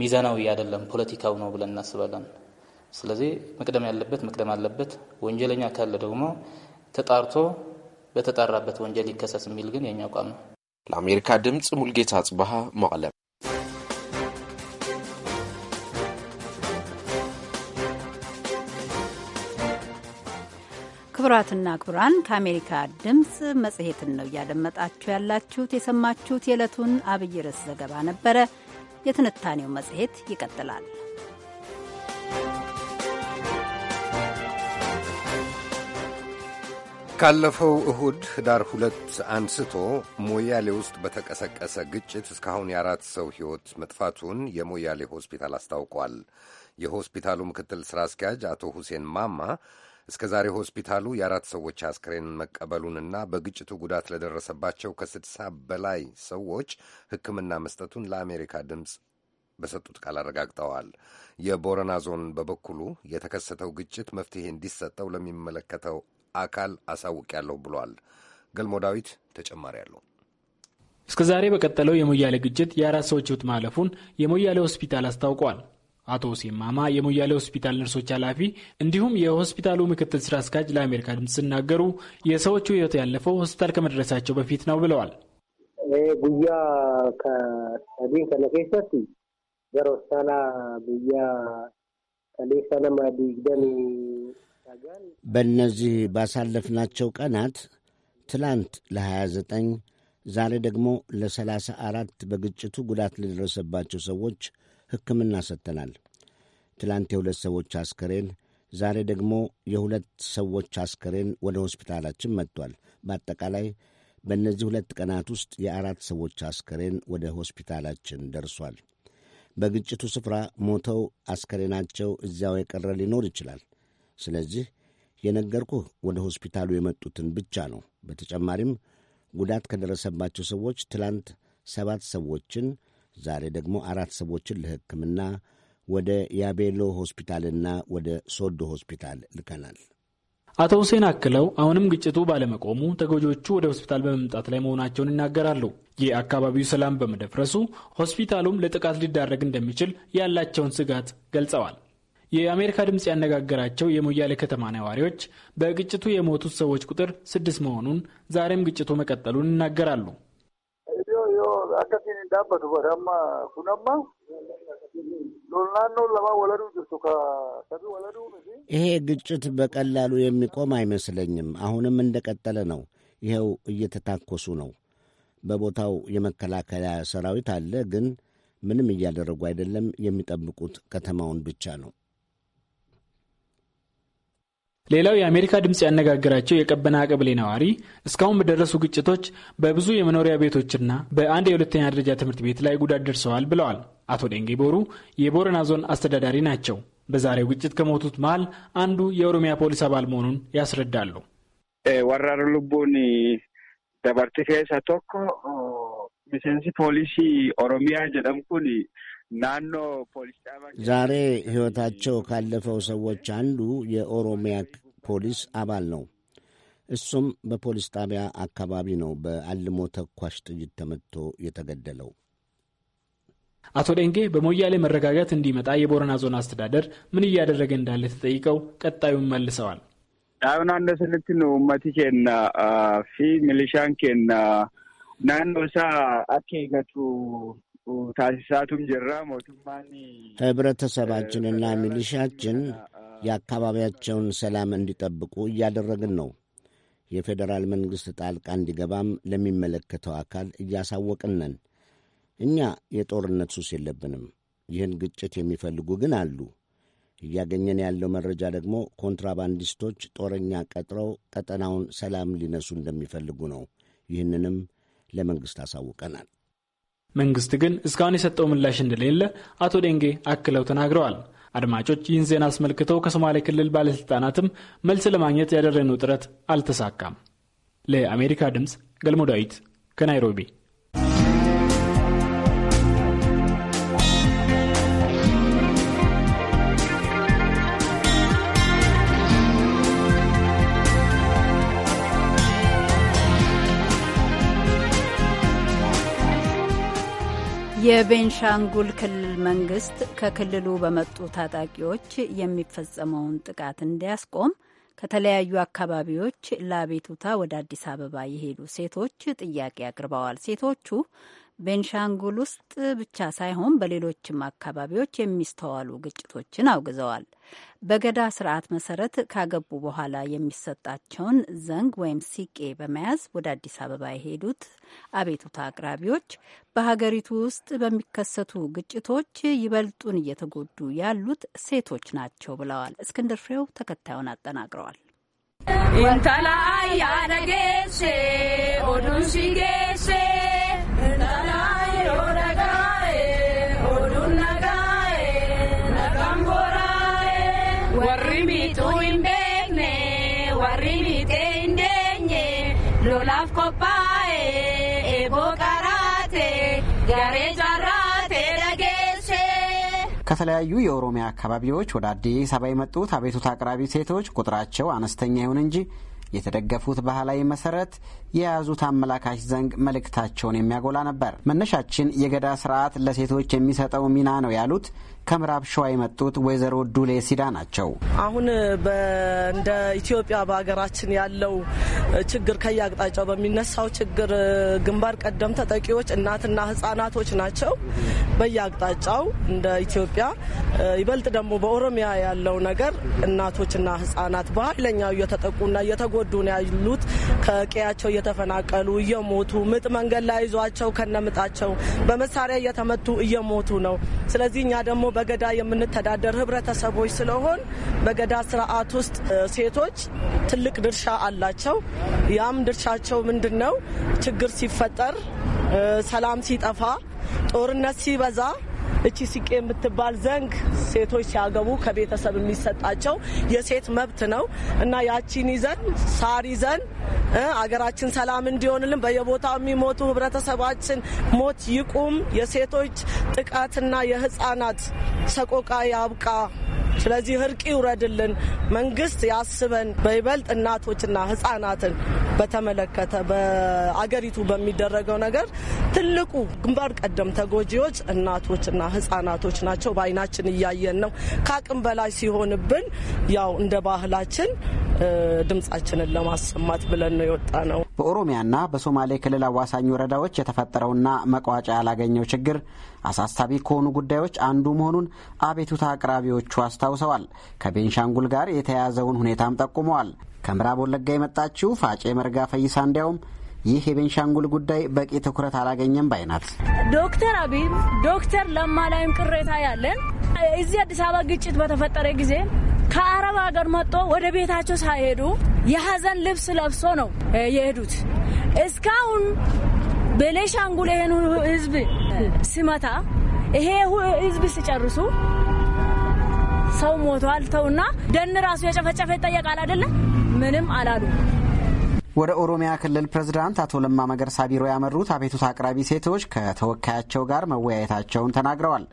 ሚዛናዊ አይደለም፣ ፖለቲካው ነው ብለን እናስባለን። ስለዚህ መቅደም ያለበት መቅደም አለበት። ወንጀለኛ ካለ ደግሞ ተጣርቶ በተጣራበት ወንጀል ይከሰስ የሚል ግን የኛ አቋም ነው። ለአሜሪካ ድምፅ ሙልጌታ አጽባሃ መቀለም ክቡራትና ክቡራን ከአሜሪካ ድምፅ መጽሔትን ነው እያደመጣችሁ ያላችሁት። የሰማችሁት የዕለቱን አብይ ርዕስ ዘገባ ነበረ። የትንታኔው መጽሔት ይቀጥላል። ካለፈው እሁድ ህዳር ሁለት አንስቶ ሞያሌ ውስጥ በተቀሰቀሰ ግጭት እስካሁን የአራት ሰው ሕይወት መጥፋቱን የሞያሌ ሆስፒታል አስታውቋል። የሆስፒታሉ ምክትል ሥራ አስኪያጅ አቶ ሁሴን ማማ እስከ ዛሬ ሆስፒታሉ የአራት ሰዎች አስክሬን መቀበሉንና በግጭቱ ጉዳት ለደረሰባቸው ከስድሳ በላይ ሰዎች ሕክምና መስጠቱን ለአሜሪካ ድምፅ በሰጡት ቃል አረጋግጠዋል። የቦረና ዞን በበኩሉ የተከሰተው ግጭት መፍትሄ እንዲሰጠው ለሚመለከተው አካል አሳውቄያለሁ ብሏል። ገልሞ ዳዊት ተጨማሪ አለው። እስከ ዛሬ በቀጠለው የሞያሌ ግጭት የአራት ሰዎች ሕይወት ማለፉን የሞያሌ ሆስፒታል አስታውቋል። አቶ ሴማማ ማማ የሞያሌ ሆስፒታል ነርሶች ኃላፊ እንዲሁም የሆስፒታሉ ምክትል ስራ አስኪያጅ ለአሜሪካ ድምፅ ሲናገሩ የሰዎቹ ህይወት ያለፈው ሆስፒታል ከመድረሳቸው በፊት ነው ብለዋል። ጉያ ከዲን ከነኬሰት ገሮሳና ጉያ ከሌሰነማ ዲግደን በእነዚህ ባሳለፍናቸው ቀናት ትላንት ለ29 ዛሬ ደግሞ ለ34 በግጭቱ ጉዳት ለደረሰባቸው ሰዎች ሕክምና ሰጥተናል። ትላንት የሁለት ሰዎች አስከሬን፣ ዛሬ ደግሞ የሁለት ሰዎች አስከሬን ወደ ሆስፒታላችን መጥቷል። በአጠቃላይ በእነዚህ ሁለት ቀናት ውስጥ የአራት ሰዎች አስከሬን ወደ ሆስፒታላችን ደርሷል። በግጭቱ ስፍራ ሞተው አስከሬናቸው እዚያው የቀረ ሊኖር ይችላል። ስለዚህ የነገርኩህ ወደ ሆስፒታሉ የመጡትን ብቻ ነው። በተጨማሪም ጉዳት ከደረሰባቸው ሰዎች ትላንት ሰባት ሰዎችን ዛሬ ደግሞ አራት ሰዎችን ለሕክምና ወደ ያቤሎ ሆስፒታልና ወደ ሶዶ ሆስፒታል ልከናል። አቶ ሁሴን አክለው አሁንም ግጭቱ ባለመቆሙ ተጎጂዎቹ ወደ ሆስፒታል በመምጣት ላይ መሆናቸውን ይናገራሉ። የአካባቢው ሰላም በመደፍረሱ ሆስፒታሉም ለጥቃት ሊዳረግ እንደሚችል ያላቸውን ስጋት ገልጸዋል። የአሜሪካ ድምፅ ያነጋገራቸው የሞያሌ ከተማ ነዋሪዎች በግጭቱ የሞቱት ሰዎች ቁጥር ስድስት መሆኑን ዛሬም ግጭቱ መቀጠሉን ይናገራሉ። dhaabbatu amma kun amma ናኖን ለማ ወለዱ ጅርቱ ከሰቢ ወለዱ ይሄ ግጭት በቀላሉ የሚቆም አይመስለኝም። አሁንም እንደቀጠለ ነው። ይኸው እየተታኮሱ ነው። በቦታው የመከላከያ ሰራዊት አለ፣ ግን ምንም እያደረጉ አይደለም። የሚጠብቁት ከተማውን ብቻ ነው። ሌላው የአሜሪካ ድምፅ ያነጋገራቸው የቀበና ቀብሌ ነዋሪ እስካሁን በደረሱ ግጭቶች በብዙ የመኖሪያ ቤቶችና በአንድ የሁለተኛ ደረጃ ትምህርት ቤት ላይ ጉዳት ደርሰዋል ብለዋል። አቶ ደንጌ ቦሩ የቦረና ዞን አስተዳዳሪ ናቸው። በዛሬው ግጭት ከሞቱት መሃል አንዱ የኦሮሚያ ፖሊስ አባል መሆኑን ያስረዳሉ። ወራር ልቡን ደበርቲ ቶኮ ሚሴንሲ ፖሊሲ ኦሮሚያ ጀደምኩን ናኖ ፖሊስ ጣቢያ ዛሬ ሕይወታቸው ካለፈው ሰዎች አንዱ የኦሮሚያ ፖሊስ አባል ነው። እሱም በፖሊስ ጣቢያ አካባቢ ነው በአልሞ ተኳሽ ጥይት ተመትቶ የተገደለው። አቶ ደንጌ በሞያሌ መረጋጋት እንዲመጣ የቦረና ዞን አስተዳደር ምን እያደረገ እንዳለ ተጠይቀው ቀጣዩን መልሰዋል። ዳሁን አነስልት ነው መቲ ኬና ፊ ሚሊሻን ኬና ናኖሳ አኬገቱ ታሲሳቱም ጀራ ሞቱማኒ ህብረተሰባችንና ሚሊሻችን የአካባቢያቸውን ሰላም እንዲጠብቁ እያደረግን ነው። የፌዴራል መንግሥት ጣልቃ እንዲገባም ለሚመለከተው አካል እያሳወቅን ነን። እኛ የጦርነት ሱስ የለብንም። ይህን ግጭት የሚፈልጉ ግን አሉ። እያገኘን ያለው መረጃ ደግሞ ኮንትራባንዲስቶች ጦረኛ ቀጥረው ቀጠናውን ሰላም ሊነሱ እንደሚፈልጉ ነው። ይህንንም ለመንግሥት አሳውቀናል። መንግስት ግን እስካሁን የሰጠው ምላሽ እንደሌለ አቶ ደንጌ አክለው ተናግረዋል። አድማጮች ይህን ዜና አስመልክተው ከሶማሌ ክልል ባለሥልጣናትም መልስ ለማግኘት ያደረግነው ጥረት አልተሳካም። ለአሜሪካ ድምፅ ገልሞ ዳዊት ከናይሮቢ የቤንሻንጉል ክልል መንግስት ከክልሉ በመጡ ታጣቂዎች የሚፈጸመውን ጥቃት እንዲያስቆም ከተለያዩ አካባቢዎች ለአቤቱታ ወደ አዲስ አበባ የሄዱ ሴቶች ጥያቄ አቅርበዋል። ሴቶቹ ቤንሻንጉል ውስጥ ብቻ ሳይሆን በሌሎችም አካባቢዎች የሚስተዋሉ ግጭቶችን አውግዘዋል። በገዳ ስርዓት መሰረት ካገቡ በኋላ የሚሰጣቸውን ዘንግ ወይም ሲቄ በመያዝ ወደ አዲስ አበባ የሄዱት አቤቱታ አቅራቢዎች በሀገሪቱ ውስጥ በሚከሰቱ ግጭቶች ይበልጡን እየተጎዱ ያሉት ሴቶች ናቸው ብለዋል። እስክንድር ፍሬው ተከታዩን አጠናቅረዋል። ኢንተላይ አደጌሴ ኦዱሲጌሴ utuu hin beekne warri miixee hin deenye lolaaf qophaa'e eeboo qaraate garee jaarraate dhageesse. ከተለያዩ የኦሮሚያ አካባቢዎች ወደ አዲስ አበባ የመጡት አቤቱታ አቅራቢ ሴቶች ቁጥራቸው አነስተኛ ይሁን እንጂ የተደገፉት ባህላዊ መሰረት የያዙት አመላካች ዘንግ መልእክታቸውን የሚያጎላ ነበር። መነሻችን የገዳ ስርዓት ለሴቶች የሚሰጠው ሚና ነው ያሉት ከምዕራብ ሸዋ የመጡት ወይዘሮ ዱሌ ሲዳ ናቸው። አሁን እንደ ኢትዮጵያ በሀገራችን ያለው ችግር ከየአቅጣጫው በሚነሳው ችግር ግንባር ቀደም ተጠቂዎች እናትና ህጻናቶች ናቸው። በየአቅጣጫው እንደ ኢትዮጵያ ይበልጥ ደግሞ በኦሮሚያ ያለው ነገር እናቶችና ህጻናት በኃይለኛው እየተጠቁና እየተጎዱ ነው ያሉት ከቀያቸው እየተፈናቀሉ እየሞቱ ምጥ መንገድ ላይ ይዟቸው ከነምጣቸው በመሳሪያ እየተመቱ እየሞቱ ነው። ስለዚህ እኛ ደግሞ በገዳ የምንተዳደር ህብረተሰቦች ስለሆን በገዳ ስርዓት ውስጥ ሴቶች ትልቅ ድርሻ አላቸው። ያም ድርሻቸው ምንድን ነው? ችግር ሲፈጠር፣ ሰላም ሲጠፋ፣ ጦርነት ሲበዛ እቺ ሲቄ የምትባል ዘንግ ሴቶች ሲያገቡ ከቤተሰብ የሚሰጣቸው የሴት መብት ነው እና ያቺን ይዘን ሳር ይዘን አገራችን ሰላም እንዲሆንልን በየቦታው የሚሞቱ ህብረተሰባችን ሞት ይቁም፣ የሴቶች ጥቃትና የህጻናት ሰቆቃ ያብቃ ስለዚህ እርቅ ይውረድልን። መንግስት ያስበን። በይበልጥ እናቶችና ህጻናትን በተመለከተ በአገሪቱ በሚደረገው ነገር ትልቁ ግንባር ቀደም ተጎጂዎች እናቶችና ህጻናቶች ናቸው። በአይናችን እያየን ነው። ከአቅም በላይ ሲሆንብን ያው እንደ ባህላችን ድምጻችንን ለማሰማት ብለን ነው የወጣ ነው። በኦሮሚያና በሶማሌ ክልል አዋሳኝ ወረዳዎች የተፈጠረውና መቋጫ ያላገኘው ችግር አሳሳቢ ከሆኑ ጉዳዮች አንዱ መሆኑን አቤቱታ አቅራቢዎቹ አስታውሰዋል። ከቤንሻንጉል ጋር የተያያዘውን ሁኔታም ጠቁመዋል። ከምዕራብ ወለጋ የመጣችው ፋጬ መርጋ ፈይሳ እንዲያውም ይህ የቤንሻንጉል ጉዳይ በቂ ትኩረት አላገኘም ባይናት። ዶክተር አብይ ዶክተር ለማ ላይም ቅሬታ ያለን እዚህ አዲስ አበባ ግጭት በተፈጠረ ጊዜ ከአረብ ሀገር መጥቶ ወደ ቤታቸው ሳይሄዱ የሀዘን ልብስ ለብሶ ነው የሄዱት። እስካሁን በቤኒሻንጉል ይሄን ህዝብ ስመታ ይሄ ህዝብ ሲጨርሱ ሰው ሞቷል። ተውና ደን ራሱ የጨፈጨፈ ይጠየቃል አይደለ? ምንም አላሉ። ወደ ኦሮሚያ ክልል ፕሬዝዳንት አቶ ለማ መገርሳ ቢሮ ያመሩት አቤቱታ አቅራቢ ሴቶች ከተወካያቸው ጋር መወያየታቸውን ተናግረዋል።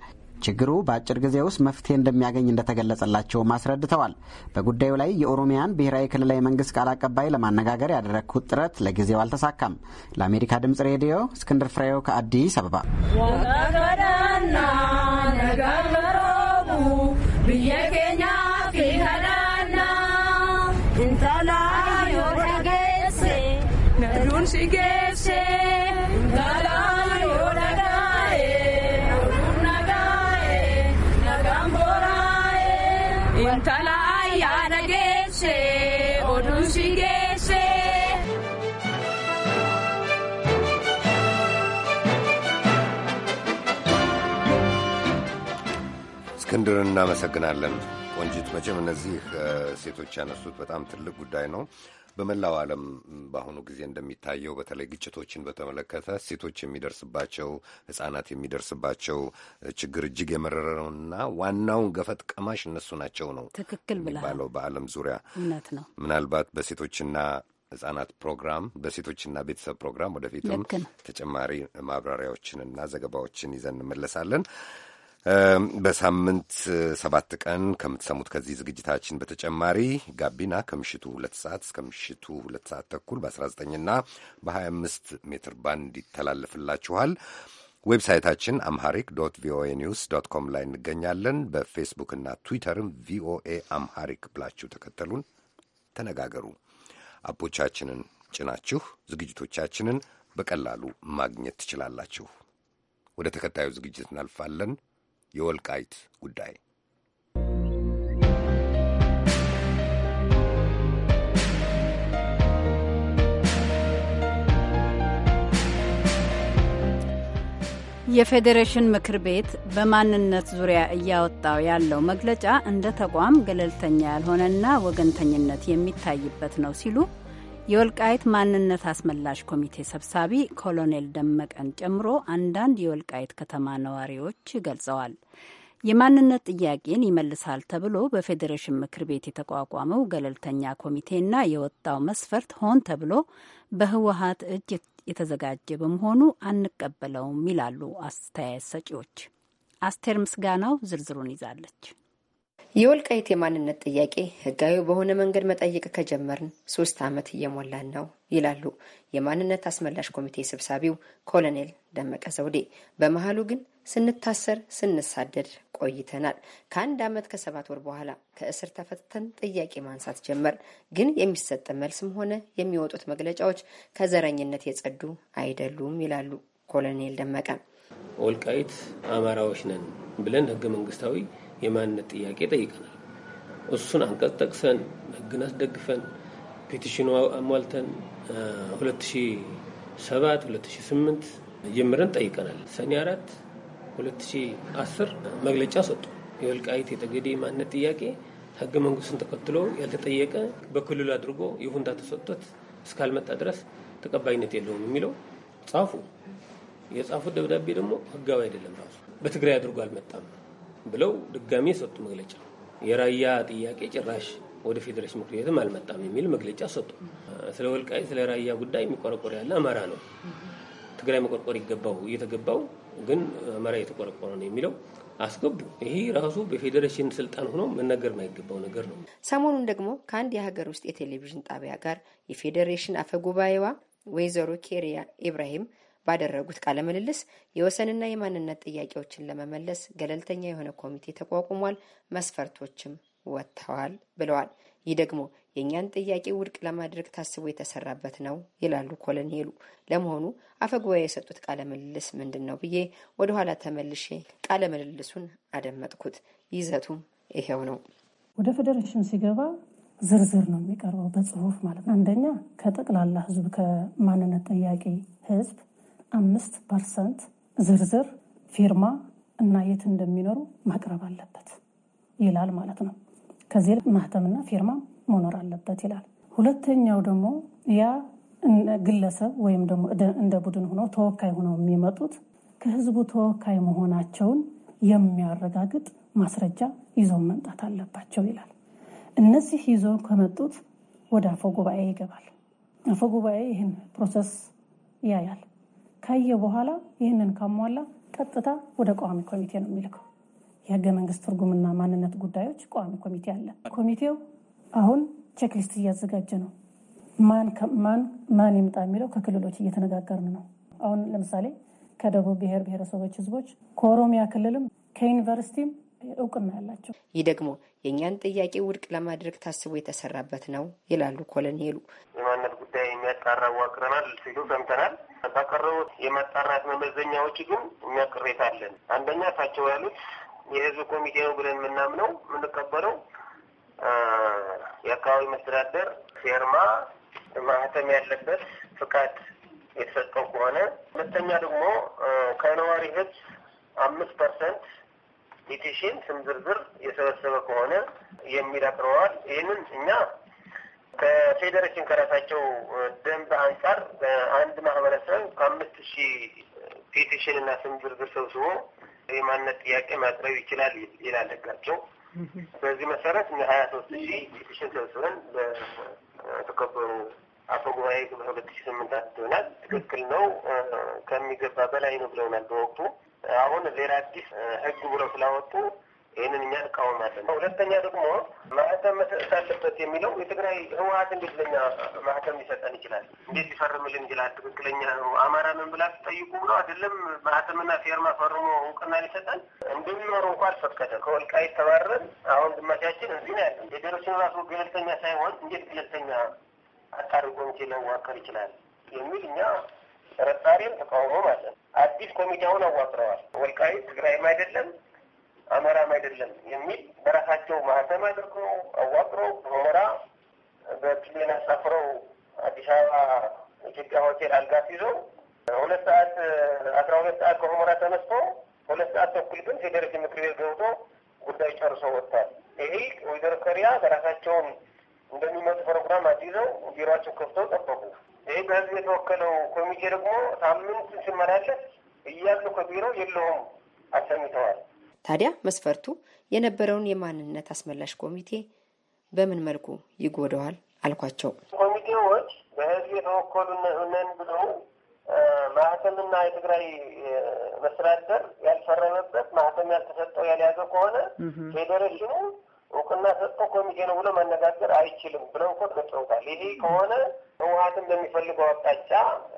ችግሩ በአጭር ጊዜ ውስጥ መፍትሄ እንደሚያገኝ እንደተገለጸላቸውም አስረድተዋል። በጉዳዩ ላይ የኦሮሚያን ብሔራዊ ክልላዊ መንግስት ቃል አቀባይ ለማነጋገር ያደረግኩት ጥረት ለጊዜው አልተሳካም። ለአሜሪካ ድምጽ ሬዲዮ እስክንድር ፍሬው ከአዲስ አበባ እስክንድርን እናመሰግናለን። ቆንጂት፣ መቼም እነዚህ ሴቶች ያነሱት በጣም ትልቅ ጉዳይ ነው። በመላው ዓለም በአሁኑ ጊዜ እንደሚታየው በተለይ ግጭቶችን በተመለከተ ሴቶች የሚደርስባቸው ሕጻናት የሚደርስባቸው ችግር እጅግ የመረረ ዋናውን ገፈት ቀማሽ እነሱ ናቸው ነው ትክክል የሚባለው በዓለም ዙሪያ እውነት ነው። ምናልባት በሴቶችና ሕጻናት ፕሮግራም በሴቶችና ቤተሰብ ፕሮግራም ወደፊትም ተጨማሪ ማብራሪያዎችንና ዘገባዎችን ይዘን እንመለሳለን። በሳምንት ሰባት ቀን ከምትሰሙት ከዚህ ዝግጅታችን በተጨማሪ ጋቢና ከምሽቱ ሁለት ሰዓት እስከ ምሽቱ ሁለት ሰዓት ተኩል በ19ና በ25 ሜትር ባንድ ይተላለፍላችኋል። ዌብሳይታችን አምሃሪክ ዶት ቪኦኤ ኒውስ ዶት ኮም ላይ እንገኛለን። በፌስቡክና ትዊተርም ቪኦኤ አምሃሪክ ብላችሁ ተከተሉን፣ ተነጋገሩ። አፖቻችንን ጭናችሁ ዝግጅቶቻችንን በቀላሉ ማግኘት ትችላላችሁ። ወደ ተከታዩ ዝግጅት እናልፋለን። የወልቃይት ጉዳይ የፌዴሬሽን ምክር ቤት በማንነት ዙሪያ እያወጣው ያለው መግለጫ እንደ ተቋም ገለልተኛ ያልሆነና ወገንተኝነት የሚታይበት ነው ሲሉ የወልቃይት ማንነት አስመላሽ ኮሚቴ ሰብሳቢ ኮሎኔል ደመቀን ጨምሮ አንዳንድ የወልቃይት ከተማ ነዋሪዎች ገልጸዋል። የማንነት ጥያቄን ይመልሳል ተብሎ በፌዴሬሽን ምክር ቤት የተቋቋመው ገለልተኛ ኮሚቴና የወጣው መስፈርት ሆን ተብሎ በህወሀት እጅ የተዘጋጀ በመሆኑ አንቀበለውም ይላሉ አስተያየት ሰጪዎች። አስቴር ምስጋናው ዝርዝሩን ይዛለች። የወልቃይት የማንነት ጥያቄ ህጋዊ በሆነ መንገድ መጠየቅ ከጀመርን ሶስት ዓመት እየሞላን ነው ይላሉ የማንነት አስመላሽ ኮሚቴ ሰብሳቢው ኮሎኔል ደመቀ ዘውዴ። በመሀሉ ግን ስንታሰር፣ ስንሳደድ ቆይተናል። ከአንድ ዓመት ከሰባት ወር በኋላ ከእስር ተፈትተን ጥያቄ ማንሳት ጀመር። ግን የሚሰጥ መልስም ሆነ የሚወጡት መግለጫዎች ከዘረኝነት የጸዱ አይደሉም ይላሉ ኮሎኔል ደመቀ። ወልቃይት አማራዎች ነን ብለን ህገ መንግስታዊ የማንነት ጥያቄ ጠይቀናል። እሱን አንቀጽ ጠቅሰን ህግን አስደግፈን ፔቲሽኑ አሟልተን 2007 2008 ጀምረን ጠይቀናል። ሰኔ አራት 2010 መግለጫ ሰጡ። የወልቃይት የጠገዴ ማንነት ጥያቄ ህገ መንግስቱን ተከትሎ ያልተጠየቀ በክልሉ አድርጎ ይሁንታ ተሰጥቶት እስካልመጣ ድረስ ተቀባይነት የለውም የሚለው ጻፉ። የጻፉት ደብዳቤ ደግሞ ህጋዊ አይደለም። ራሱ በትግራይ አድርጎ አልመጣም። ብለው ድጋሚ የሰጡ መግለጫ። የራያ ጥያቄ ጭራሽ ወደ ፌዴሬሽን ምክር ቤትም አልመጣም የሚል መግለጫ ሰጡ። ስለ ወልቃይ ስለ ራያ ጉዳይ የሚቆረቆር ያለ አማራ ነው። ትግራይ መቆርቆር ይገባው እየተገባው ግን አማራ እየተቆረቆረ ነው የሚለው አስገቡ። ይሄ ራሱ በፌዴሬሽን ስልጣን ሆኖ መነገር የማይገባው ነገር ነው። ሰሞኑን ደግሞ ከአንድ የሀገር ውስጥ የቴሌቪዥን ጣቢያ ጋር የፌዴሬሽን አፈ ጉባኤዋ ወይዘሮ ኬሪያ ኢብራሂም ባደረጉት ቃለ ምልልስ የወሰንና የማንነት ጥያቄዎችን ለመመለስ ገለልተኛ የሆነ ኮሚቴ ተቋቁሟል፣ መስፈርቶችም ወጥተዋል ብለዋል። ይህ ደግሞ የእኛን ጥያቄ ውድቅ ለማድረግ ታስቦ የተሰራበት ነው ይላሉ ኮሎኔሉ። ለመሆኑ አፈጉባኤ የሰጡት ቃለ ምልልስ ምንድን ነው ብዬ ወደ ኋላ ተመልሼ ቃለ ምልልሱን አደመጥኩት። ይዘቱም ይሄው ነው። ወደ ፌዴሬሽን ሲገባ ዝርዝር ነው የሚቀርበው በጽሁፍ ማለት ነው። አንደኛ ከጠቅላላ ህዝብ ከማንነት ጥያቄ ህዝብ አምስት ፐርሰንት ዝርዝር ፊርማ እና የት እንደሚኖሩ ማቅረብ አለበት ይላል ማለት ነው። ከዚህ ማህተምና ፊርማ መኖር አለበት ይላል። ሁለተኛው ደግሞ ያ ግለሰብ ወይም ደግሞ እንደ ቡድን ሆኖ ተወካይ ሆነው የሚመጡት ከህዝቡ ተወካይ መሆናቸውን የሚያረጋግጥ ማስረጃ ይዞ መምጣት አለባቸው ይላል። እነዚህ ይዞ ከመጡት ወደ አፈ ጉባኤ ይገባል። አፈ ጉባኤ ይህን ፕሮሰስ ያያል። ካየ በኋላ ይህንን ካሟላ ቀጥታ ወደ ቋሚ ኮሚቴ ነው የሚልከው። የህገ መንግስት ትርጉምና ማንነት ጉዳዮች ቋሚ ኮሚቴ አለ። ኮሚቴው አሁን ቼክሊስት እያዘጋጀ ነው። ማን ማን ይምጣ የሚለው ከክልሎች እየተነጋገርን ነው። አሁን ለምሳሌ ከደቡብ ብሔር ብሔረሰቦች ህዝቦች፣ ከኦሮሚያ ክልልም ከዩኒቨርሲቲም እውቅና አላቸው። ይህ ደግሞ የእኛን ጥያቄ ውድቅ ለማድረግ ታስቦ የተሰራበት ነው ይላሉ ኮሎኔሉ። የማንነት ጉዳይ የሚያጣራ ዋቅረናል ሲሉ ሰምተናል። ባቀረቡት የማጣራት መመዘኛዎች ግን እኛ ቅሬታ አለን። አንደኛ እሳቸው ያሉት የህዝብ ኮሚቴ ነው ብለን የምናምነው የምንቀበለው የአካባቢ መስተዳደር ፌርማ ማህተም ያለበት ፍቃድ የተሰጠው ከሆነ ሁለተኛ ደግሞ ከነዋሪ ህዝብ አምስት ፐርሰንት የፔሽንት ስም ዝርዝር የሰበሰበ ከሆነ የሚል አቅርበዋል። ይህንን እኛ ከፌዴሬሽን ከራሳቸው ደንብ አንጻር አንድ ማህበረሰብ ከአምስት ሺህ ፒቲሽን እና ስም ዝርዝር ሰብስቦ የማንነት ጥያቄ ማቅረብ ይችላል ይላል ህጋቸው። በዚህ መሰረት ሀያ ሶስት ሺህ ፒቲሽን ሰብስበን በተከበሩ አፈ ጉባኤ በሁለት ሺህ ስምንት ይሆናል። ትክክል ነው፣ ከሚገባ በላይ ነው ብለውናል በወቅቱ አሁን ሌላ አዲስ ህግ ብሎ ስላወጡ ይህንን እኛ እንቃወማለን። ሁለተኛ ደግሞ ማህተም መሰጠት አለበት የሚለው የትግራይ ህወሀት እንዴት ለኛ ማህተም ሊሰጠን ይችላል? እንዴት ሊፈርምልን ይችላል? ትክክለኛ አማራ ምን ብላ ትጠይቁ ብሎ አይደለም ማህተምና ፌርማ ፈርሞ እውቅና ሊሰጠን እንደሚኖሩ እንኳ አልፈቀደ። ከወልቃይት ተባረን አሁን ግማሻችን እዚህ ነው ያለን። የደሮችን ራሱ ገለልተኛ ሳይሆን እንዴት ገለልተኛ አጣሪ ኮሚቴ ሊዋቀር ይችላል? የሚል እኛ ጥርጣሬን ተቃውሞ ማለት ነው። አዲስ ኮሚቴውን አዋቅረዋል። ወልቃይት ትግራይም አይደለም አማራም አይደለም የሚል በራሳቸው ማህተም አድርገው አዋቅረው በሁመራ በክሌን አሳፍረው አዲስ አበባ ኢትዮጵያ ሆቴል አልጋት ይዘው ሁለት ሰዓት አስራ ሁለት ሰዓት ከሁመራ ተነስቶ ሁለት ሰዓት ተኩል ግን ፌዴሬሽን ምክር ቤት ገብቶ ጉዳይ ጨርሶ ወጥቷል። ይሄ ወይዘሮ ከሪያ በራሳቸውን እንደሚመጡ ፕሮግራም አዲዘው ቢሮቸው ከፍተው ጠበቁ። ይህ በህዝብ የተወከለው ኮሚቴ ደግሞ ሳምንት ሲመላለስ እያሉ ከቢሮ የለውም አሰኝተዋል። ታዲያ መስፈርቱ የነበረውን የማንነት አስመላሽ ኮሚቴ በምን መልኩ ይጎደዋል አልኳቸው። ኮሚቴዎች በህዝብ የተወከሉ ነን ብለው ማህተምና የትግራይ መስተዳደር ያልፈረመበት ማህተም ያልተሰጠው ያልያዘ ከሆነ ፌዴሬሽኑ እውቅና ሰጠው ኮሚቴ ነው ብሎ መነጋገር አይችልም ብለው እኮ ተገጥረውታል። ይሄ ከሆነ ህወሀትም በሚፈልገው አቅጣጫ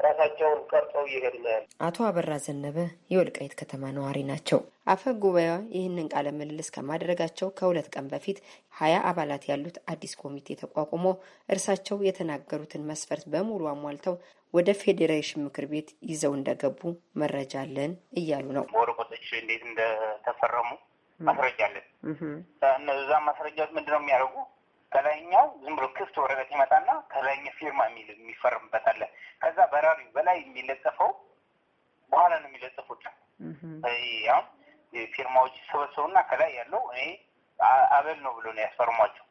ራሳቸውን ቀርጸው እየሄዱ ነው ያለ አቶ አበራ ዘነበ የወልቃይት ከተማ ነዋሪ ናቸው። አፈ ጉባኤዋ ይህንን ቃለ ምልልስ ከማድረጋቸው ከሁለት ቀን በፊት ሀያ አባላት ያሉት አዲስ ኮሚቴ ተቋቁሞ እርሳቸው የተናገሩትን መስፈርት በሙሉ አሟልተው ወደ ፌዴሬሽን ምክር ቤት ይዘው እንደገቡ መረጃ አለን እያሉ ነው። ወረቀቶች እንዴት እንደተፈረሙ ማስረጃ አለን። እነዛ ማስረጃዎች ምንድነው የሚያደርጉ ከላይኛው ዝም ብሎ ክፍት ወረቀት ይመጣና ከላይኛ ፊርማ የሚል የሚፈርምበት አለ። ከዛ በራሪ በላይ የሚለጠፈው በኋላ ነው የሚለጠፉት። አሁን ፊርማዎች ሰበሰቡና ከላይ ያለው እኔ አበል ነው ብሎ ነው ያስፈርሟቸው።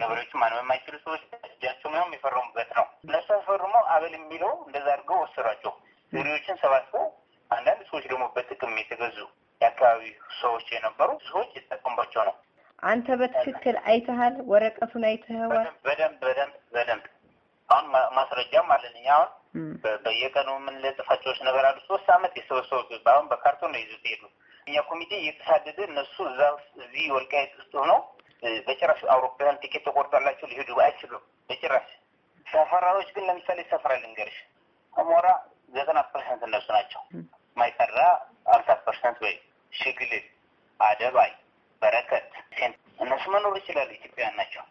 ገበሬዎቹ ማንም የማይችሉ ሰዎች እጃቸው ምንም የፈረሙበት ነው። እነሱ አስፈርመው አበል የሚለው እንደዛ አድርገው ወሰዷቸው። ዘሬዎችን ሰባስበው አንዳንድ ሰዎች ደግሞ በጥቅም የተገዙ የአካባቢ ሰዎች የነበሩ ሰዎች የተጠቀምባቸው ነው። አንተ በትክክል አይተሃል? ወረቀቱን አይተኸዋል? በደንብ በደንብ በደንብ አሁን ማስረጃም አለኝ። አሁን በየቀኑ ምን ለጽፋቸዎች ነገር አሉ። ሶስት አመት የሰበሰቡ አሁን በካርቶን ነው ይዙት ሄዱ። እኛ ኮሚቴ እየተሳደደ እነሱ እዛ እዚህ ወልቃይት ውስጥ ሆነው በጭራሽ አውሮፕላን ቲኬት ተቆርጣላቸው ሊሄዱ አይችሉም በጭራሽ። ሰፈራዎች ግን ለምሳሌ ሰፈራ ልንገርሽ፣ አሞራ ዘጠና ፐርሰንት እነሱ ናቸው። ማይጠራ አምሳ ፐርሰንት ወይ ሽግልል አደባይ በረከት፣ እነሱ መኖር ይችላሉ። ኢትዮጵያውያን ናቸው።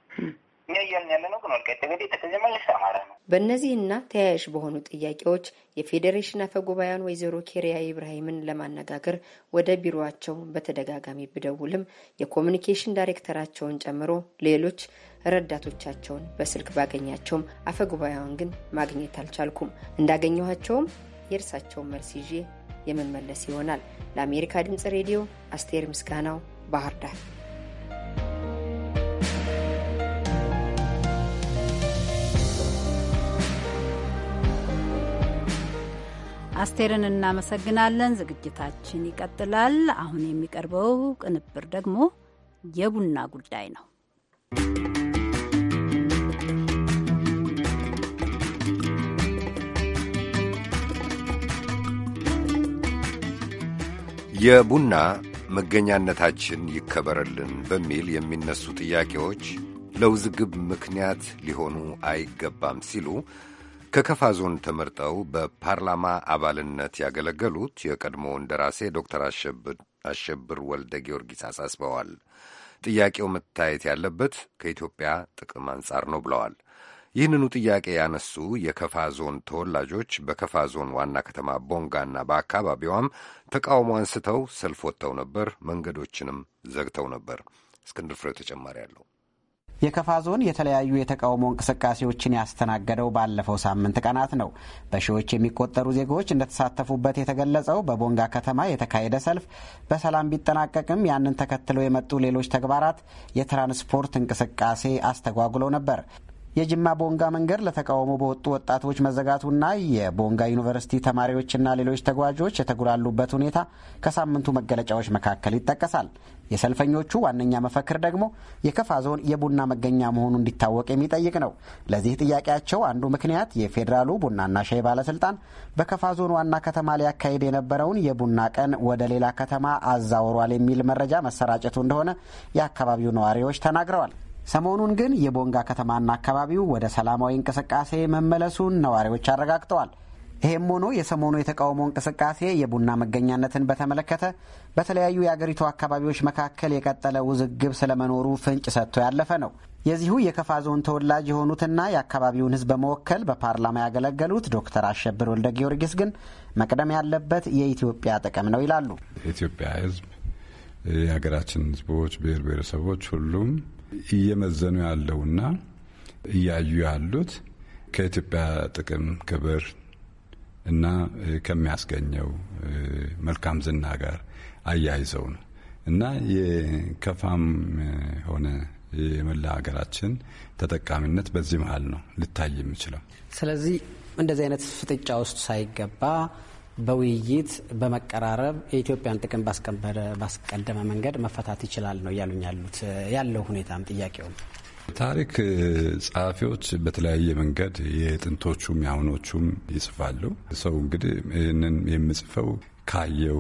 እኛ እያልን ያለ ነው ግን ወልቃይት ጠገዴ ተከዜ መለስ አማራ ነው። በእነዚህና ተያያዥ በሆኑ ጥያቄዎች የፌዴሬሽን አፈ ጉባኤያን ወይዘሮ ኬሪያ ኢብራሂምን ለማነጋገር ወደ ቢሮቸው በተደጋጋሚ ብደውልም የኮሚኒኬሽን ዳይሬክተራቸውን ጨምሮ ሌሎች ረዳቶቻቸውን በስልክ ባገኛቸውም አፈ ጉባኤዋን ግን ማግኘት አልቻልኩም። እንዳገኘኋቸውም የእርሳቸውን መልስ ይዤ የምመለስ ይሆናል። ለአሜሪካ ድምጽ ሬዲዮ አስቴር ምስጋናው ባህር ዳር። አስቴርን እናመሰግናለን። ዝግጅታችን ይቀጥላል። አሁን የሚቀርበው ቅንብር ደግሞ የቡና ጉዳይ ነው። የቡና መገኛነታችን ይከበረልን በሚል የሚነሱ ጥያቄዎች ለውዝግብ ምክንያት ሊሆኑ አይገባም ሲሉ ከከፋ ዞን ተመርጠው በፓርላማ አባልነት ያገለገሉት የቀድሞ እንደራሴ ዶክተር አሸብር ወልደ ጊዮርጊስ አሳስበዋል። ጥያቄው መታየት ያለበት ከኢትዮጵያ ጥቅም አንጻር ነው ብለዋል። ይህንኑ ጥያቄ ያነሱ የከፋ ዞን ተወላጆች በከፋ ዞን ዋና ከተማ ቦንጋና በአካባቢዋም ተቃውሞ አንስተው ሰልፍ ወጥተው ነበር። መንገዶችንም ዘግተው ነበር። እስክንድር ፍሬው ተጨማሪ አለው። የከፋ ዞን የተለያዩ የተቃውሞ እንቅስቃሴዎችን ያስተናገደው ባለፈው ሳምንት ቀናት ነው። በሺዎች የሚቆጠሩ ዜጎች እንደተሳተፉበት የተገለጸው በቦንጋ ከተማ የተካሄደ ሰልፍ በሰላም ቢጠናቀቅም ያንን ተከትለው የመጡ ሌሎች ተግባራት የትራንስፖርት እንቅስቃሴ አስተጓጉለው ነበር። የጅማ ቦንጋ መንገድ ለተቃውሞ በወጡ ወጣቶች መዘጋቱና የቦንጋ ዩኒቨርሲቲ ተማሪዎችና ሌሎች ተጓዦች የተጉላሉበት ሁኔታ ከሳምንቱ መገለጫዎች መካከል ይጠቀሳል። የሰልፈኞቹ ዋነኛ መፈክር ደግሞ የከፋ ዞን የቡና መገኛ መሆኑ እንዲታወቅ የሚጠይቅ ነው። ለዚህ ጥያቄያቸው አንዱ ምክንያት የፌዴራሉ ቡናና ሻይ ባለስልጣን በከፋ ዞን ዋና ከተማ ሊያካሄድ የነበረውን የቡና ቀን ወደ ሌላ ከተማ አዛውሯል የሚል መረጃ መሰራጨቱ እንደሆነ የአካባቢው ነዋሪዎች ተናግረዋል። ሰሞኑን ግን የቦንጋ ከተማና አካባቢው ወደ ሰላማዊ እንቅስቃሴ መመለሱን ነዋሪዎች አረጋግጠዋል። ይህም ሆኖ የሰሞኑ የተቃውሞ እንቅስቃሴ የቡና መገኛነትን በተመለከተ በተለያዩ የአገሪቱ አካባቢዎች መካከል የቀጠለ ውዝግብ ስለመኖሩ ፍንጭ ሰጥቶ ያለፈ ነው። የዚሁ የከፋ ዞን ተወላጅ የሆኑትና የአካባቢውን ሕዝብ በመወከል በፓርላማ ያገለገሉት ዶክተር አሸብር ወልደ ጊዮርጊስ ግን መቅደም ያለበት የኢትዮጵያ ጥቅም ነው ይላሉ። የኢትዮጵያ ሕዝብ የሀገራችን ሕዝቦች ብሔር ብሔረሰቦች ሁሉም እየመዘኑ ያለውና እያዩ ያሉት ከኢትዮጵያ ጥቅም፣ ክብር እና ከሚያስገኘው መልካም ዝና ጋር አያይዘው ነው እና የከፋም ሆነ የመላ ሀገራችን ተጠቃሚነት በዚህ መሀል ነው ልታይ የሚችለው። ስለዚህ እንደዚህ አይነት ፍጥጫ ውስጥ ሳይገባ በውይይት በመቀራረብ የኢትዮጵያን ጥቅም ባስቀደመ መንገድ መፈታት ይችላል ነው እያሉኝ ያሉት ያለው ሁኔታም ጥያቄውም ታሪክ ጸሐፊዎች በተለያየ መንገድ የጥንቶቹም የአሁኖቹም ይጽፋሉ። ሰው እንግዲህ ይህንን የምጽፈው ካየው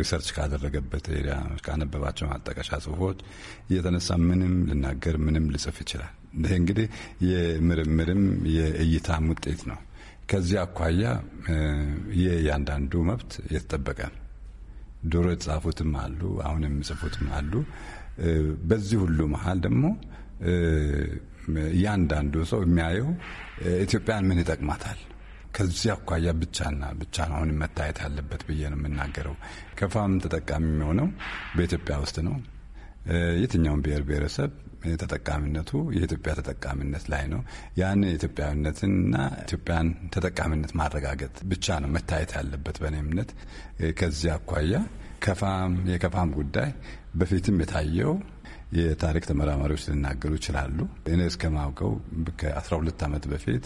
ሪሰርች ካደረገበት ኤሪያ ካነበባቸው ማጠቀሻ ጽሁፎች እየተነሳ ምንም ልናገር ምንም ልጽፍ ይችላል። ይህ እንግዲህ የምርምርም የእይታም ውጤት ነው። ከዚህ አኳያ ይህ መብት የተጠበቀ ድሮ የተጻፉትም አሉ፣ አሁን የሚጽፉትም አሉ። በዚህ ሁሉ መሀል ደግሞ እያንዳንዱ ሰው የሚያየው ኢትዮጵያን ምን ይጠቅማታል ከዚህ አኳያ ብቻና ብቻ ነው አሁን መታየት ያለበት ብዬ ነው የምናገረው። ከፋም ተጠቃሚ የሚሆነው በኢትዮጵያ ውስጥ ነው። የትኛውም ብሔር ብሔረሰብ ተጠቃሚነቱ የኢትዮጵያ ተጠቃሚነት ላይ ነው። ያን የኢትዮጵያዊነትንና ኢትዮጵያን ተጠቃሚነት ማረጋገጥ ብቻ ነው መታየት ያለበት በእኔ እምነት። ከዚህ አኳያ ከፋም የከፋም ጉዳይ በፊትም የታየው የታሪክ ተመራማሪዎች ሊናገሩ ይችላሉ። እኔ እስከማውቀው ከ12 ዓመት በፊት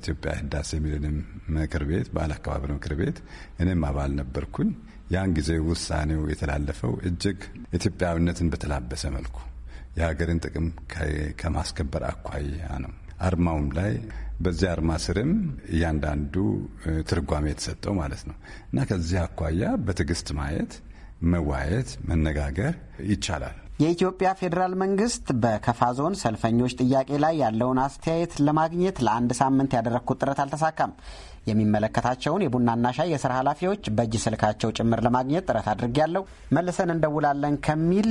ኢትዮጵያ ህዳሴ የሚልንም ምክር ቤት በዓል አከባበር ምክር ቤት እኔም አባል ነበርኩኝ። ያን ጊዜ ውሳኔው የተላለፈው እጅግ ኢትዮጵያዊነትን በተላበሰ መልኩ የሀገርን ጥቅም ከማስከበር አኳያ ነው። አርማውም ላይ በዚህ አርማ ስርም እያንዳንዱ ትርጓሜ የተሰጠው ማለት ነው እና ከዚህ አኳያ በትዕግስት ማየት፣ መዋየት፣ መነጋገር ይቻላል። የኢትዮጵያ ፌዴራል መንግስት በከፋ ዞን ሰልፈኞች ጥያቄ ላይ ያለውን አስተያየት ለማግኘት ለአንድ ሳምንት ያደረግኩት ጥረት አልተሳካም። የሚመለከታቸውን የቡናና ሻይ የስራ ኃላፊዎች በእጅ ስልካቸው ጭምር ለማግኘት ጥረት አድርጌያለሁ። መልሰን እንደውላለን ከሚል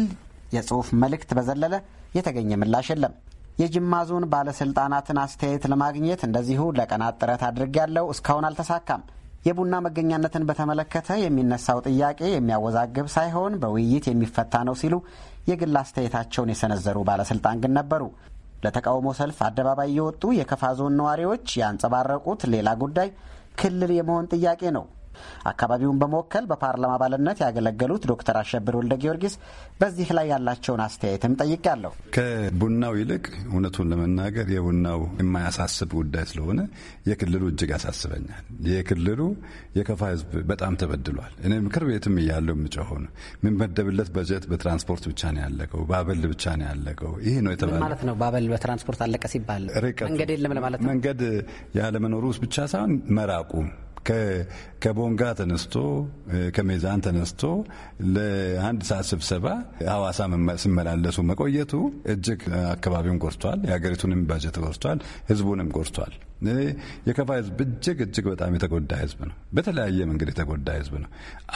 የጽሑፍ መልእክት በዘለለ የተገኘ ምላሽ የለም። የጅማ ዞን ባለሥልጣናትን አስተያየት ለማግኘት እንደዚሁ ለቀናት ጥረት አድርጌያለሁ፣ እስካሁን አልተሳካም። የቡና መገኛነትን በተመለከተ የሚነሳው ጥያቄ የሚያወዛግብ ሳይሆን በውይይት የሚፈታ ነው ሲሉ የግል አስተያየታቸውን የሰነዘሩ ባለስልጣን ግን ነበሩ። ለተቃውሞ ሰልፍ አደባባይ የወጡ የከፋ ዞን ነዋሪዎች ያንጸባረቁት ሌላ ጉዳይ ክልል የመሆን ጥያቄ ነው። አካባቢውን በመወከል በፓርላማ አባልነት ያገለገሉት ዶክተር አሸብር ወልደ ጊዮርጊስ በዚህ ላይ ያላቸውን አስተያየትም ጠይቄያለሁ። ከቡናው ይልቅ እውነቱን ለመናገር የቡናው የማያሳስብ ጉዳይ ስለሆነ የክልሉ እጅግ ያሳስበኛል። የክልሉ የከፋ ህዝብ በጣም ተበድሏል። እኔ ምክር ቤትም እያለው የምጮኸው ነው። የሚመደብለት በጀት በትራንስፖርት ብቻ ነው ያለቀው፣ በአበል ብቻ ነው ያለቀው። ይህ ነው የተባለ ማለት ነው። በአበል በትራንስፖርት አለቀ ሲባል መንገድ የለም ለማለት ነው። መንገድ ያለመኖሩ ውስጥ ብቻ ሳይሆን መራቁም ከቦንጋ ተነስቶ ከሜዛን ተነስቶ ለአንድ ሰዓት ስብሰባ ሐዋሳ ሲመላለሱ መቆየቱ እጅግ አካባቢውን ጎርቷል። የሀገሪቱንም ባጀት ጎርቷል። ህዝቡንም ጎርቷል። የከፋ ህዝብ እጅግ እጅግ በጣም የተጎዳ ህዝብ ነው። በተለያየ መንገድ የተጎዳ ህዝብ ነው።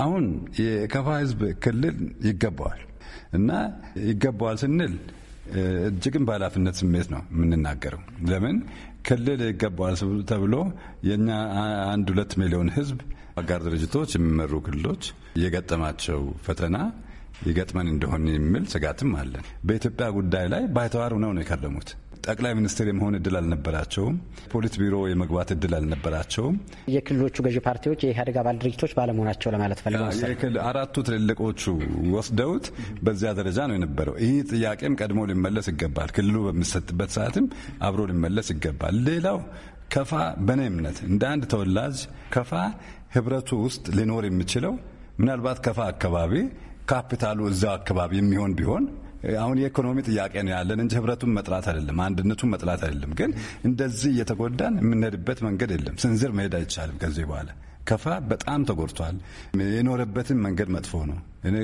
አሁን የከፋ ህዝብ ክልል ይገባዋል እና ይገባዋል ስንል እጅግም በኃላፊነት ስሜት ነው የምንናገረው። ለምን ክልል ይገባዋል ተብሎ የእኛ አንድ ሁለት ሚሊዮን ህዝብ አጋር ድርጅቶች የሚመሩ ክልሎች የገጠማቸው ፈተና ይገጥመን እንደሆን የሚል ስጋትም አለን። በኢትዮጵያ ጉዳይ ላይ ባይተዋር ሆነው ነው የከረሙት። ጠቅላይ ሚኒስትር የመሆን እድል አልነበራቸውም። ፖሊት ቢሮ የመግባት እድል አልነበራቸውም። የክልሎቹ ገዢ ፓርቲዎች የኢህአዴግ አባል ድርጅቶች ባለመሆናቸው ለማለት ፈልገ አራቱ ትልልቆቹ ወስደውት በዚያ ደረጃ ነው የነበረው። ይህ ጥያቄም ቀድሞ ሊመለስ ይገባል። ክልሉ በሚሰጥበት ሰዓትም አብሮ ሊመለስ ይገባል። ሌላው ከፋ በእኔ እምነት እንደ አንድ ተወላጅ ከፋ ህብረቱ ውስጥ ሊኖር የሚችለው ምናልባት ከፋ አካባቢ ካፒታሉ እዛው አካባቢ የሚሆን ቢሆን አሁን የኢኮኖሚ ጥያቄ ነው ያለን እንጂ ህብረቱን መጥላት አይደለም፣ አንድነቱን መጥላት አይደለም። ግን እንደዚህ እየተጎዳን የምንሄድበት መንገድ የለም። ስንዝር መሄድ አይቻልም። ከዚህ በኋላ ከፋ በጣም ተጎድቷል። የኖረበትን መንገድ መጥፎ ነው። እኔ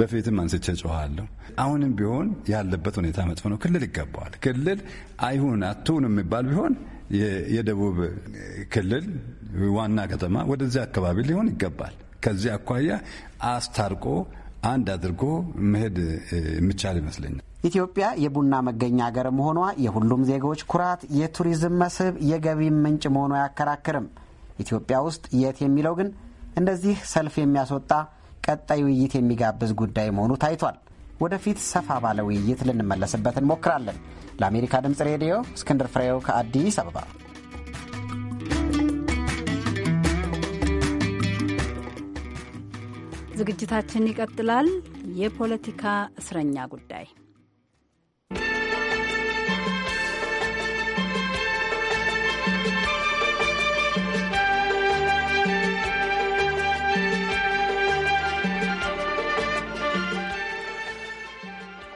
በፊትም አንስቼ ጮኋለሁ። አሁንም ቢሆን ያለበት ሁኔታ መጥፎ ነው። ክልል ይገባዋል። ክልል አይሁን አትሁን የሚባል ቢሆን የደቡብ ክልል ዋና ከተማ ወደዚህ አካባቢ ሊሆን ይገባል። ከዚህ አኳያ አስታርቆ አንድ አድርጎ መሄድ የሚቻል ይመስለኛል። ኢትዮጵያ የቡና መገኛ ሀገር መሆኗ የሁሉም ዜጎች ኩራት፣ የቱሪዝም መስህብ፣ የገቢ ምንጭ መሆኑ አያከራክርም። ኢትዮጵያ ውስጥ የት የሚለው ግን እንደዚህ ሰልፍ የሚያስወጣ ቀጣይ ውይይት የሚጋብዝ ጉዳይ መሆኑ ታይቷል። ወደፊት ሰፋ ባለ ውይይት ልንመለስበት እንሞክራለን። ለአሜሪካ ድምፅ ሬዲዮ እስክንድር ፍሬው ከአዲስ አበባ ዝግጅታችን ይቀጥላል። የፖለቲካ እስረኛ ጉዳይ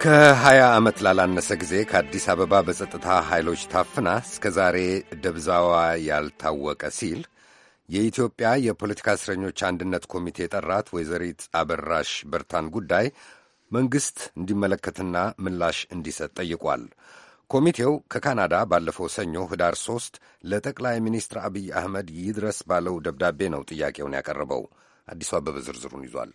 ከ20 ዓመት ላላነሰ ጊዜ ከአዲስ አበባ በጸጥታ ኃይሎች ታፍና እስከ ዛሬ ደብዛዋ ያልታወቀ ሲል የኢትዮጵያ የፖለቲካ እስረኞች አንድነት ኮሚቴ ጠራት ወይዘሪት አበራሽ በርታን ጉዳይ መንግሥት እንዲመለከትና ምላሽ እንዲሰጥ ጠይቋል። ኮሚቴው ከካናዳ ባለፈው ሰኞ ህዳር ሦስት ለጠቅላይ ሚኒስትር አብይ አህመድ ይድረስ ባለው ደብዳቤ ነው ጥያቄውን ያቀረበው። አዲሱ አበበ ዝርዝሩን ይዟል።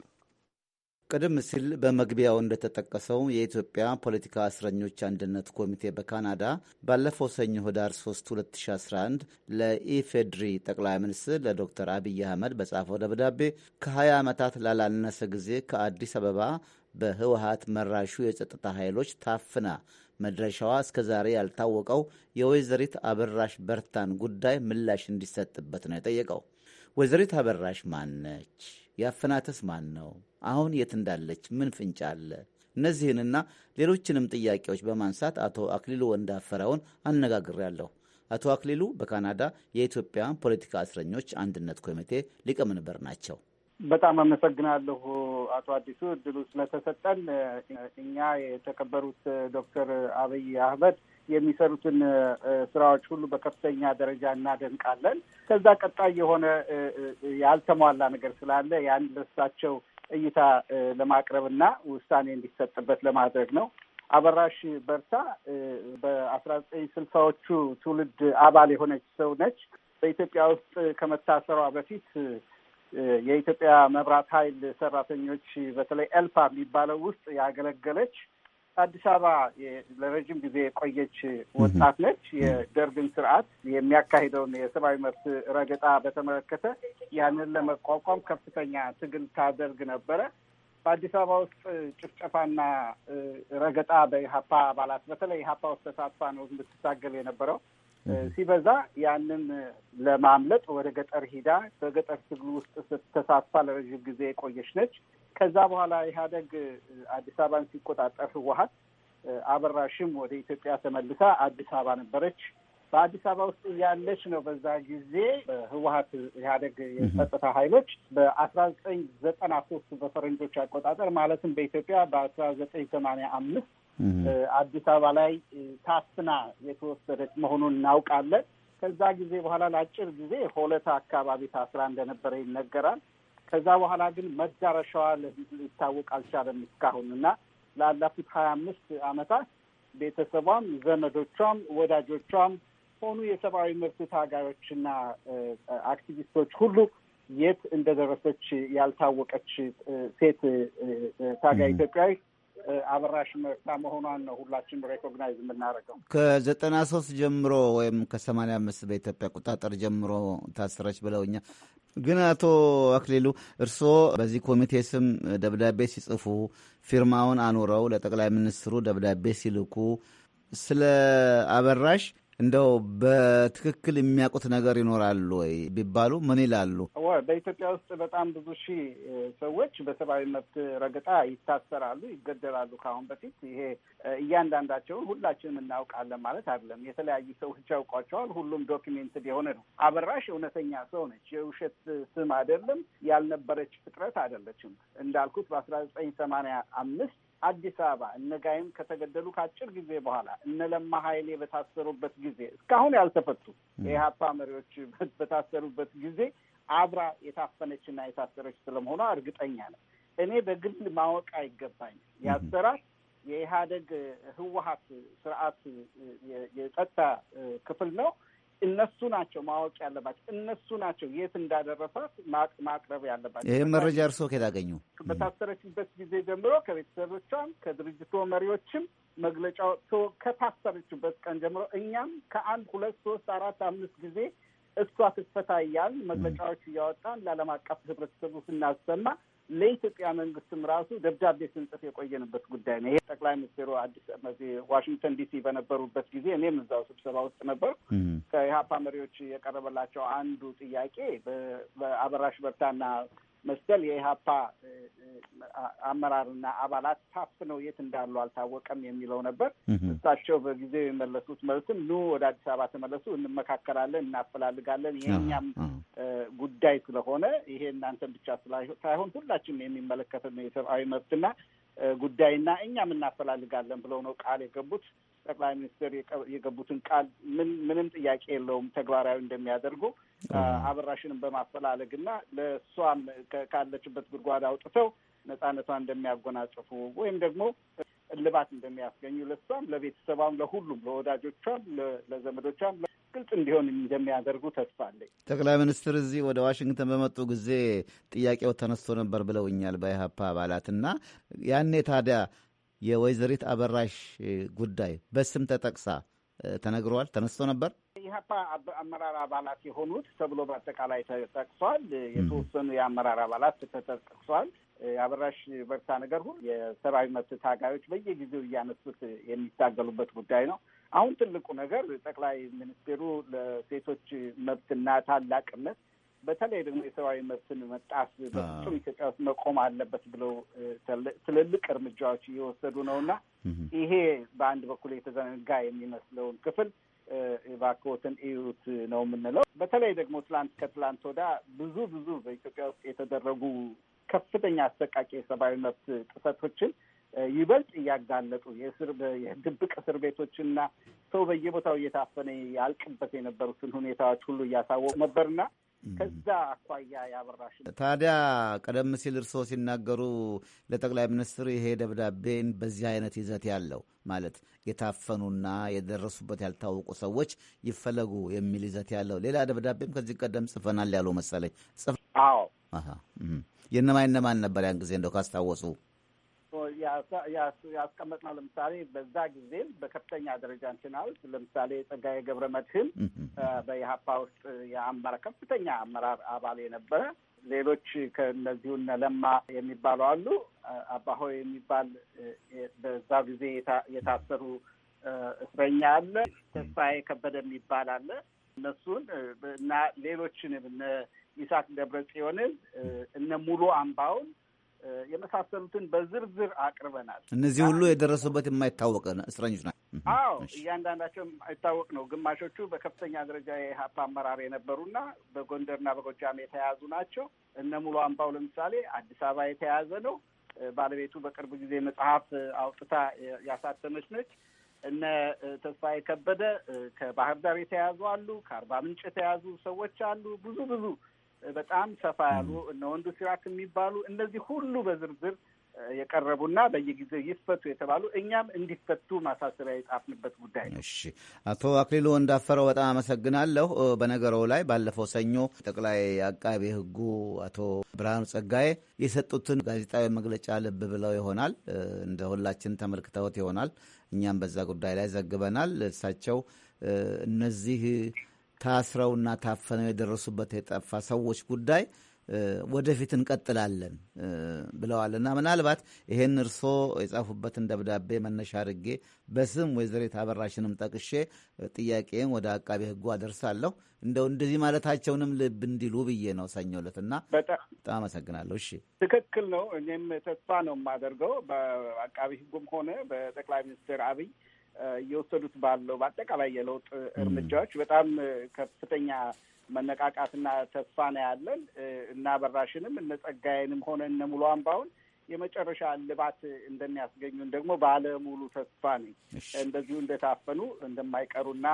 ቀደም ሲል በመግቢያው እንደተጠቀሰው የኢትዮጵያ ፖለቲካ እስረኞች አንድነት ኮሚቴ በካናዳ ባለፈው ሰኞ ህዳር 3 2011 ለኢፌድሪ ጠቅላይ ሚኒስትር ለዶክተር አብይ አህመድ በጻፈው ደብዳቤ ከ20 ዓመታት ላላነሰ ጊዜ ከአዲስ አበባ በህወሀት መራሹ የጸጥታ ኃይሎች ታፍና መድረሻዋ እስከ ዛሬ ያልታወቀው የወይዘሪት አበራሽ በርታን ጉዳይ ምላሽ እንዲሰጥበት ነው የጠየቀው። ወይዘሪት አበራሽ ማነች? ያፈናተስ ማን ነው? አሁን የት እንዳለች ምን ፍንጭ አለ? እነዚህንና ሌሎችንም ጥያቄዎች በማንሳት አቶ አክሊሉ ወንዳፈራውን አነጋግሬያለሁ። አቶ አክሊሉ በካናዳ የኢትዮጵያ ፖለቲካ እስረኞች አንድነት ኮሚቴ ሊቀመንበር ናቸው። በጣም አመሰግናለሁ አቶ አዲሱ እድሉ ስለተሰጠን። እኛ የተከበሩት ዶክተር አብይ አህመድ የሚሰሩትን ስራዎች ሁሉ በከፍተኛ ደረጃ እናደንቃለን። ከዛ ቀጣይ የሆነ ያልተሟላ ነገር ስላለ ያን ለሳቸው እይታ ለማቅረብ እና ውሳኔ እንዲሰጥበት ለማድረግ ነው። አበራሽ በርታ በአስራ ዘጠኝ ስልሳዎቹ ትውልድ አባል የሆነች ሰው ነች። በኢትዮጵያ ውስጥ ከመታሰሯ በፊት የኢትዮጵያ መብራት ኃይል ሰራተኞች በተለይ ኤልፓ የሚባለው ውስጥ ያገለገለች አዲስ አበባ ለረጅም ጊዜ የቆየች ወጣት ነች። የደርግን ስርዓት የሚያካሂደውን የሰብአዊ መብት ረገጣ በተመለከተ ያንን ለመቋቋም ከፍተኛ ትግል ታደርግ ነበረ። በአዲስ አበባ ውስጥ ጭፍጨፋና ረገጣ በኢሀፓ አባላት በተለይ ኢሀፓ ውስጥ ተሳትፋ ነው የምትታገል የነበረው። ሲበዛ ያንን ለማምለጥ ወደ ገጠር ሂዳ በገጠር ትግል ውስጥ ስትተሳትፋ ለረዥም ጊዜ የቆየች ነች። ከዛ በኋላ ኢህአደግ አዲስ አበባን ሲቆጣጠር ህወሀት አበራሽም ወደ ኢትዮጵያ ተመልሳ አዲስ አበባ ነበረች። በአዲስ አበባ ውስጥ እያለች ነው። በዛ ጊዜ ህወሀት ኢህአደግ የጸጥታ ኃይሎች በአስራ ዘጠኝ ዘጠና ሶስት በፈረንጆች አቆጣጠር ማለትም በኢትዮጵያ በአስራ ዘጠኝ ሰማንያ አምስት አዲስ አበባ ላይ ታፍና የተወሰደች መሆኑን እናውቃለን። ከዛ ጊዜ በኋላ ለአጭር ጊዜ ሆለታ አካባቢ ታስራ እንደነበረ ይነገራል። ከዛ በኋላ ግን መዳረሻዋ ሊታወቅ አልቻለም እስካሁን እና ላለፉት ሀያ አምስት አመታት ቤተሰቧም ዘመዶቿም ወዳጆቿም ሆኑ የሰብአዊ መብት ታጋዮችና አክቲቪስቶች ሁሉ የት እንደደረሰች ያልታወቀች ሴት ታጋይ ኢትዮጵያዊ አበራሽ መርታ መሆኗን ነው ሁላችን ሬኮግናይዝ የምናደርገው። ከዘጠና ሶስት ጀምሮ ወይም ከሰማንያ አምስት በኢትዮጵያ አቆጣጠር ጀምሮ ታስረች ብለውኛ። ግን አቶ አክሊሉ እርስዎ በዚህ ኮሚቴ ስም ደብዳቤ ሲጽፉ ፊርማውን አኑረው ለጠቅላይ ሚኒስትሩ ደብዳቤ ሲልኩ ስለ አበራሽ እንደው በትክክል የሚያውቁት ነገር ይኖራሉ ወይ ቢባሉ ምን ይላሉ? በኢትዮጵያ ውስጥ በጣም ብዙ ሺህ ሰዎች በሰብአዊ መብት ረገጣ ይታሰራሉ፣ ይገደላሉ ከአሁን በፊት። ይሄ እያንዳንዳቸውን ሁላችንም እናውቃለን ማለት አይደለም። የተለያዩ ሰዎች ያውቋቸዋል። ሁሉም ዶኪሜንትድ የሆነ ነው። አበራሽ እውነተኛ ሰው ነች። የውሸት ስም አይደለም። ያልነበረች ፍጥረት አይደለችም። እንዳልኩት በአስራ ዘጠኝ ሰማንያ አምስት አዲስ አበባ እነጋይም ከተገደሉ ከአጭር ጊዜ በኋላ እነ ለማ ኃይሌ በታሰሩበት ጊዜ እስካሁን ያልተፈቱ የኢህአፓ መሪዎች በታሰሩበት ጊዜ አብራ የታፈነችና የታሰረች ስለመሆኗ እርግጠኛ ነው። እኔ በግል ማወቅ አይገባኝም። የአሰራር የኢህአደግ ህወሀት ስርዓት የጸጥታ ክፍል ነው። እነሱ ናቸው ማወቅ ያለባቸው። እነሱ ናቸው የት እንዳደረሳት ማቅረብ ያለባቸው። ይህም መረጃ እርስዎ ከየት አገኙ? በታሰረችበት ጊዜ ጀምሮ ከቤተሰቦቿም ከድርጅቱ መሪዎችም መግለጫ ወጥቶ ከታሰረችበት ቀን ጀምሮ እኛም ከአንድ ሁለት ሶስት አራት አምስት ጊዜ እሷ ትፈታ እያልን መግለጫዎች እያወጣን ለዓለም አቀፍ ህብረተሰቡ ስናሰማ ለኢትዮጵያ መንግስትም ራሱ ደብዳቤ ስንጽፍ የቆየንበት ጉዳይ ነው። ይሄ ጠቅላይ ሚኒስትሩ አዲስ ዋሽንግተን ዲሲ በነበሩበት ጊዜ እኔም እዛው ስብሰባ ውስጥ ነበር። ከኢህአፓ መሪዎች የቀረበላቸው አንዱ ጥያቄ በአበራሽ በርታና መሰል የኢህአፓ አመራርና አባላት ታፍነው የት እንዳሉ አልታወቀም የሚለው ነበር። እሳቸው በጊዜው የመለሱት መልስም ኑ ወደ አዲስ አበባ ተመለሱ፣ እንመካከላለን፣ እናፈላልጋለን፣ የእኛም ጉዳይ ስለሆነ ይሄ እናንተን ብቻ ሳይሆን ሁላችንም የሚመለከት የሰብአዊ መብትና ጉዳይና እኛም እናፈላልጋለን ብለው ነው ቃል የገቡት። ጠቅላይ ሚኒስትር የገቡትን ቃል ምን ምንም ጥያቄ የለውም ተግባራዊ እንደሚያደርጉ አበራሽንም በማፈላለግ እና ለእሷም ካለችበት ጉድጓድ አውጥተው ነጻነቷን እንደሚያጎናጽፉ ወይም ደግሞ እልባት እንደሚያስገኙ ለእሷም፣ ለቤተሰቧም፣ ለሁሉም፣ ለወዳጆቿም፣ ለዘመዶቿም ግልጽ እንዲሆን እንደሚያደርጉ ተስፋ አለኝ። ጠቅላይ ሚኒስትር እዚህ ወደ ዋሽንግተን በመጡ ጊዜ ጥያቄው ተነስቶ ነበር ብለውኛል በኢህአፓ አባላት እና ያኔ ታዲያ የወይዘሪት አበራሽ ጉዳይ በስም ተጠቅሳ ተነግረዋል። ተነስቶ ነበር። ኢህአፓ አመራር አባላት የሆኑት ተብሎ በአጠቃላይ ተጠቅሷል። የተወሰኑ የአመራር አባላት ተጠቅሷል። የአበራሽ በርታ ነገር ሁሉ የሰብአዊ መብት ታጋዮች በየጊዜው እያነሱት የሚታገሉበት ጉዳይ ነው። አሁን ትልቁ ነገር ጠቅላይ ሚኒስትሩ ለሴቶች መብትና ታላቅነት በተለይ ደግሞ የሰብአዊ መብትን መጣስ በፍጹም ኢትዮጵያ ውስጥ መቆም አለበት ብለው ትልልቅ እርምጃዎች እየወሰዱ ነው እና ይሄ በአንድ በኩል የተዘነጋ የሚመስለውን ክፍል እባክዎትን እዩት ነው የምንለው። በተለይ ደግሞ ትላንት ከትላንት ወዳ ብዙ ብዙ በኢትዮጵያ ውስጥ የተደረጉ ከፍተኛ አሰቃቂ የሰብአዊ መብት ጥሰቶችን ይበልጥ እያጋለጡ የእስር የድብቅ እስር ቤቶችና ሰው በየቦታው እየታፈነ ያልቅበት የነበሩትን ሁኔታዎች ሁሉ እያሳወቁ ነበርና ከዛ አኳያ ያበራሽ። ታዲያ ቀደም ሲል እርስዎ ሲናገሩ ለጠቅላይ ሚኒስትር ይሄ ደብዳቤን በዚህ አይነት ይዘት ያለው ማለት የታፈኑና የደረሱበት ያልታወቁ ሰዎች ይፈለጉ የሚል ይዘት ያለው ሌላ ደብዳቤም ከዚህ ቀደም ጽፈናል ያለው መሰለኝ። አዎ የእነማን ነበር ያን ጊዜ እንደው ካስታወሱ? ያስቀመጥነው ለምሳሌ በዛ ጊዜ በከፍተኛ ደረጃ እንትናል። ለምሳሌ ጸጋዬ ገብረ መድህን በኢህአፓ ውስጥ የአመራ ከፍተኛ አመራር አባል የነበረ ሌሎች ከእነዚሁ እነ ለማ የሚባሉ አሉ። አባሆይ የሚባል በዛ ጊዜ የታሰሩ እስረኛ አለ። ተስፋዬ ከበደ የሚባል አለ። እነሱን እና ሌሎችን እነ ይስሐቅ ደብረ ጽዮንን እነ ሙሉ አምባውን የመሳሰሉትን በዝርዝር አቅርበናል። እነዚህ ሁሉ የደረሱበት የማይታወቅ እስረኞች ናቸው። አዎ እያንዳንዳቸው የማይታወቅ ነው። ግማሾቹ በከፍተኛ ደረጃ የኢህአፓ አመራር የነበሩና በጎንደርና በጎጃም የተያዙ ናቸው። እነ ሙሉ አምባው ለምሳሌ አዲስ አበባ የተያዘ ነው። ባለቤቱ በቅርብ ጊዜ መጽሐፍ አውጥታ ያሳተመች ነች። እነ ተስፋዬ ከበደ ከባህር ዳር የተያዙ አሉ። ከአርባ ምንጭ የተያዙ ሰዎች አሉ። ብዙ ብዙ በጣም ሰፋ ያሉ እነ ወንዱ ሲራክ የሚባሉ እነዚህ ሁሉ በዝርዝር የቀረቡና በየጊዜው ይፈቱ የተባሉ እኛም እንዲፈቱ ማሳሰቢያ የጻፍንበት ጉዳይ ነው። እሺ፣ አቶ አክሊሉ እንዳፈረው በጣም አመሰግናለሁ። በነገረው ላይ ባለፈው ሰኞ ጠቅላይ አቃቤ ሕጉ አቶ ብርሃኑ ጸጋዬ የሰጡትን ጋዜጣዊ መግለጫ ልብ ብለው ይሆናል እንደ ሁላችን ተመልክተውት ይሆናል። እኛም በዛ ጉዳይ ላይ ዘግበናል። እሳቸው እነዚህ ታስረውና ታፈነው የደረሱበት የጠፋ ሰዎች ጉዳይ ወደፊት እንቀጥላለን ብለዋል ምናልባት ይሄን እርስዎ የጻፉበትን ደብዳቤ መነሻ አድርጌ በስም ወይዘሪት አበራሽንም ጠቅሼ ጥያቄን ወደ አቃቤ ሕጉ አደርሳለሁ። እንደው እንደዚህ ማለታቸውንም ልብ እንዲሉ ብዬ ነው ሰኞ ዕለት በጣም አመሰግናለሁ። እሺ ትክክል ነው። እኔም ተስፋ ነው የማደርገው በአቃቤ ሕጉም ሆነ በጠቅላይ ሚኒስትር አብይ እየወሰዱት ባለው በአጠቃላይ የለውጥ እርምጃዎች በጣም ከፍተኛ መነቃቃትና ተስፋ ነው ያለን እና በራሽንም እነ ጸጋዬንም ሆነ እነ ሙሉ አምባውን የመጨረሻ ልባት እንደሚያስገኙን ደግሞ ባለሙሉ ተስፋ ነኝ። እንደዚሁ እንደታፈኑ እንደማይቀሩና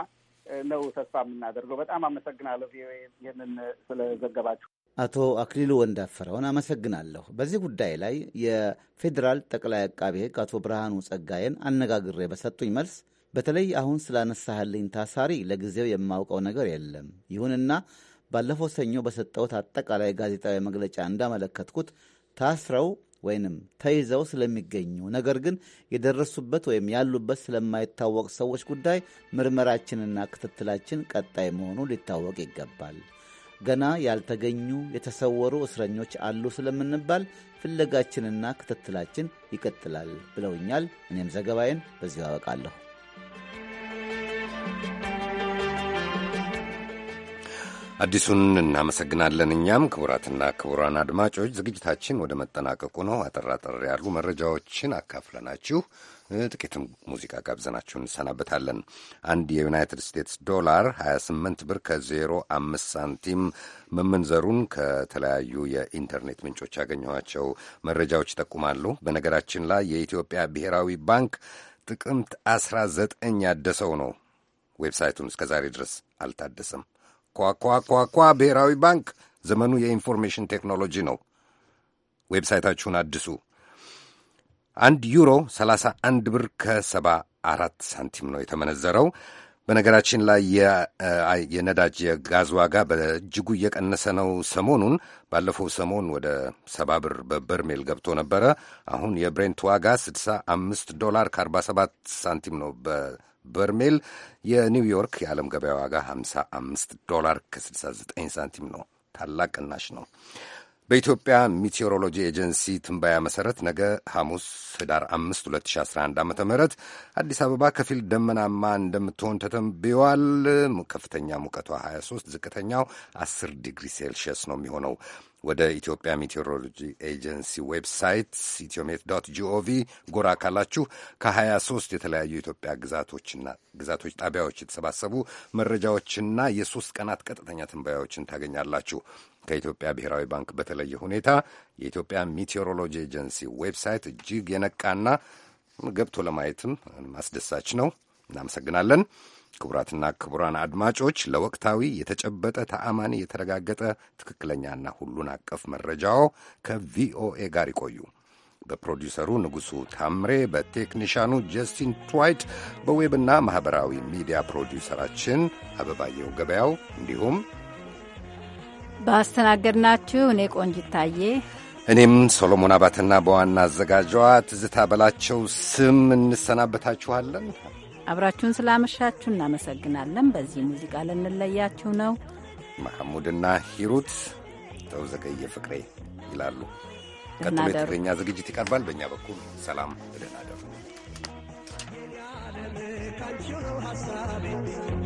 ነው ተስፋ የምናደርገው። በጣም አመሰግናለሁ ይህንን ስለዘገባችሁ። አቶ አክሊሉ ወንዳፈረውን አመሰግናለሁ። በዚህ ጉዳይ ላይ የፌዴራል ጠቅላይ አቃቤ ሕግ አቶ ብርሃኑ ጸጋዬን አነጋግሬ በሰጡኝ መልስ በተለይ አሁን ስላነሳህልኝ ታሳሪ ለጊዜው የማውቀው ነገር የለም። ይሁንና ባለፈው ሰኞ በሰጠሁት አጠቃላይ ጋዜጣዊ መግለጫ እንዳመለከትኩት ታስረው ወይንም ተይዘው ስለሚገኙ ነገር ግን የደረሱበት ወይም ያሉበት ስለማይታወቅ ሰዎች ጉዳይ ምርመራችንና ክትትላችን ቀጣይ መሆኑ ሊታወቅ ይገባል። ገና ያልተገኙ የተሰወሩ እስረኞች አሉ ስለምንባል ፍለጋችንና ክትትላችን ይቀጥላል ብለውኛል። እኔም ዘገባዬን በዚሁ አበቃለሁ። አዲሱን እናመሰግናለን። እኛም ክቡራትና ክቡራን አድማጮች ዝግጅታችን ወደ መጠናቀቁ ነው። አጠራጠር ያሉ መረጃዎችን አካፍለናችሁ ጥቂት ሙዚቃ ጋብዘናችሁ እንሰናበታለን። አንድ የዩናይትድ ስቴትስ ዶላር 28 ብር ከ05 ሳንቲም መመንዘሩን ከተለያዩ የኢንተርኔት ምንጮች ያገኘኋቸው መረጃዎች ይጠቁማሉ። በነገራችን ላይ የኢትዮጵያ ብሔራዊ ባንክ ጥቅምት 19 ያደሰው ነው። ዌብሳይቱን እስከ ዛሬ ድረስ አልታደሰም። ኳኳኳኳ ብሔራዊ ባንክ ዘመኑ የኢንፎርሜሽን ቴክኖሎጂ ነው። ዌብሳይታችሁን አድሱ። አንድ ዩሮ 31 ብር ከ74 ሳንቲም ነው የተመነዘረው። በነገራችን ላይ የነዳጅ የጋዝ ዋጋ በእጅጉ እየቀነሰ ነው። ሰሞኑን ባለፈው ሰሞን ወደ ሰባ ብር በበርሜል ገብቶ ነበረ። አሁን የብሬንት ዋጋ 65 ዶላር ከ47 ሳንቲም ነው በበርሜል። የኒውዮርክ የዓለም ገበያ ዋጋ 55 ዶላር ከ69 ሳንቲም ነው። ታላቅ ቅናሽ ነው። በኢትዮጵያ ሚቴዎሮሎጂ ኤጀንሲ ትንበያ መሠረት ነገ ሐሙስ ህዳር 5 2011 ዓ ም አዲስ አበባ ከፊል ደመናማ እንደምትሆን ተተንብዮአል። ከፍተኛ ሙቀቷ 23፣ ዝቅተኛው 10 ዲግሪ ሴልሺየስ ነው የሚሆነው። ወደ ኢትዮጵያ ሜቴሮሎጂ ኤጀንሲ ዌብሳይት ኢትዮሜት ዶት ጂኦቪ ጎራ ካላችሁ ከ23 የተለያዩ የኢትዮጵያ ግዛቶችና ግዛቶች ጣቢያዎች የተሰባሰቡ መረጃዎችና የሶስት ቀናት ቀጥተኛ ትንበያዎችን ታገኛላችሁ። ከኢትዮጵያ ብሔራዊ ባንክ በተለየ ሁኔታ የኢትዮጵያ ሜቴሮሎጂ ኤጀንሲ ዌብሳይት እጅግ የነቃና ገብቶ ለማየትም አስደሳች ነው። እናመሰግናለን። ክቡራትና ክቡራን አድማጮች ለወቅታዊ የተጨበጠ ተአማኒ የተረጋገጠ ትክክለኛና ሁሉን አቀፍ መረጃው ከቪኦኤ ጋር ይቆዩ። በፕሮዲውሰሩ ንጉሡ ታምሬ፣ በቴክኒሻኑ ጀስቲን ትዋይት፣ በዌብና ማኅበራዊ ሚዲያ ፕሮዲውሰራችን አበባየው ገበያው እንዲሁም ባስተናገድናችሁ እኔ ቆንጅት ታዬ እኔም ሶሎሞን አባትና በዋና አዘጋጇ ትዝታ በላቸው ስም እንሰናበታችኋለን። አብራችሁን ስላመሻችሁ እናመሰግናለን። በዚህ ሙዚቃ ልንለያችሁ ነው። መሐሙድና ሂሩት ተው ዘገየ ፍቅሬ ይላሉ። ቀጥሎ የትግርኛ ዝግጅት ይቀርባል። በእኛ በኩል ሰላም ብለን አደሩ።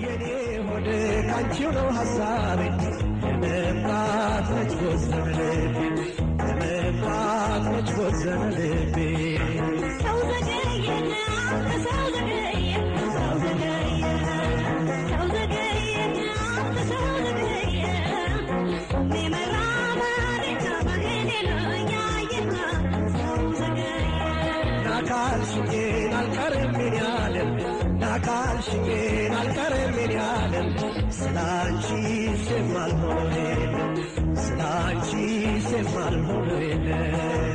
የኔ ሆድ ካንቺው ነው ሀሳቤ ካልሽኝ አልቀርም የኔ ዓለም ስላንቺ ስም የለም ስላንቺ የለም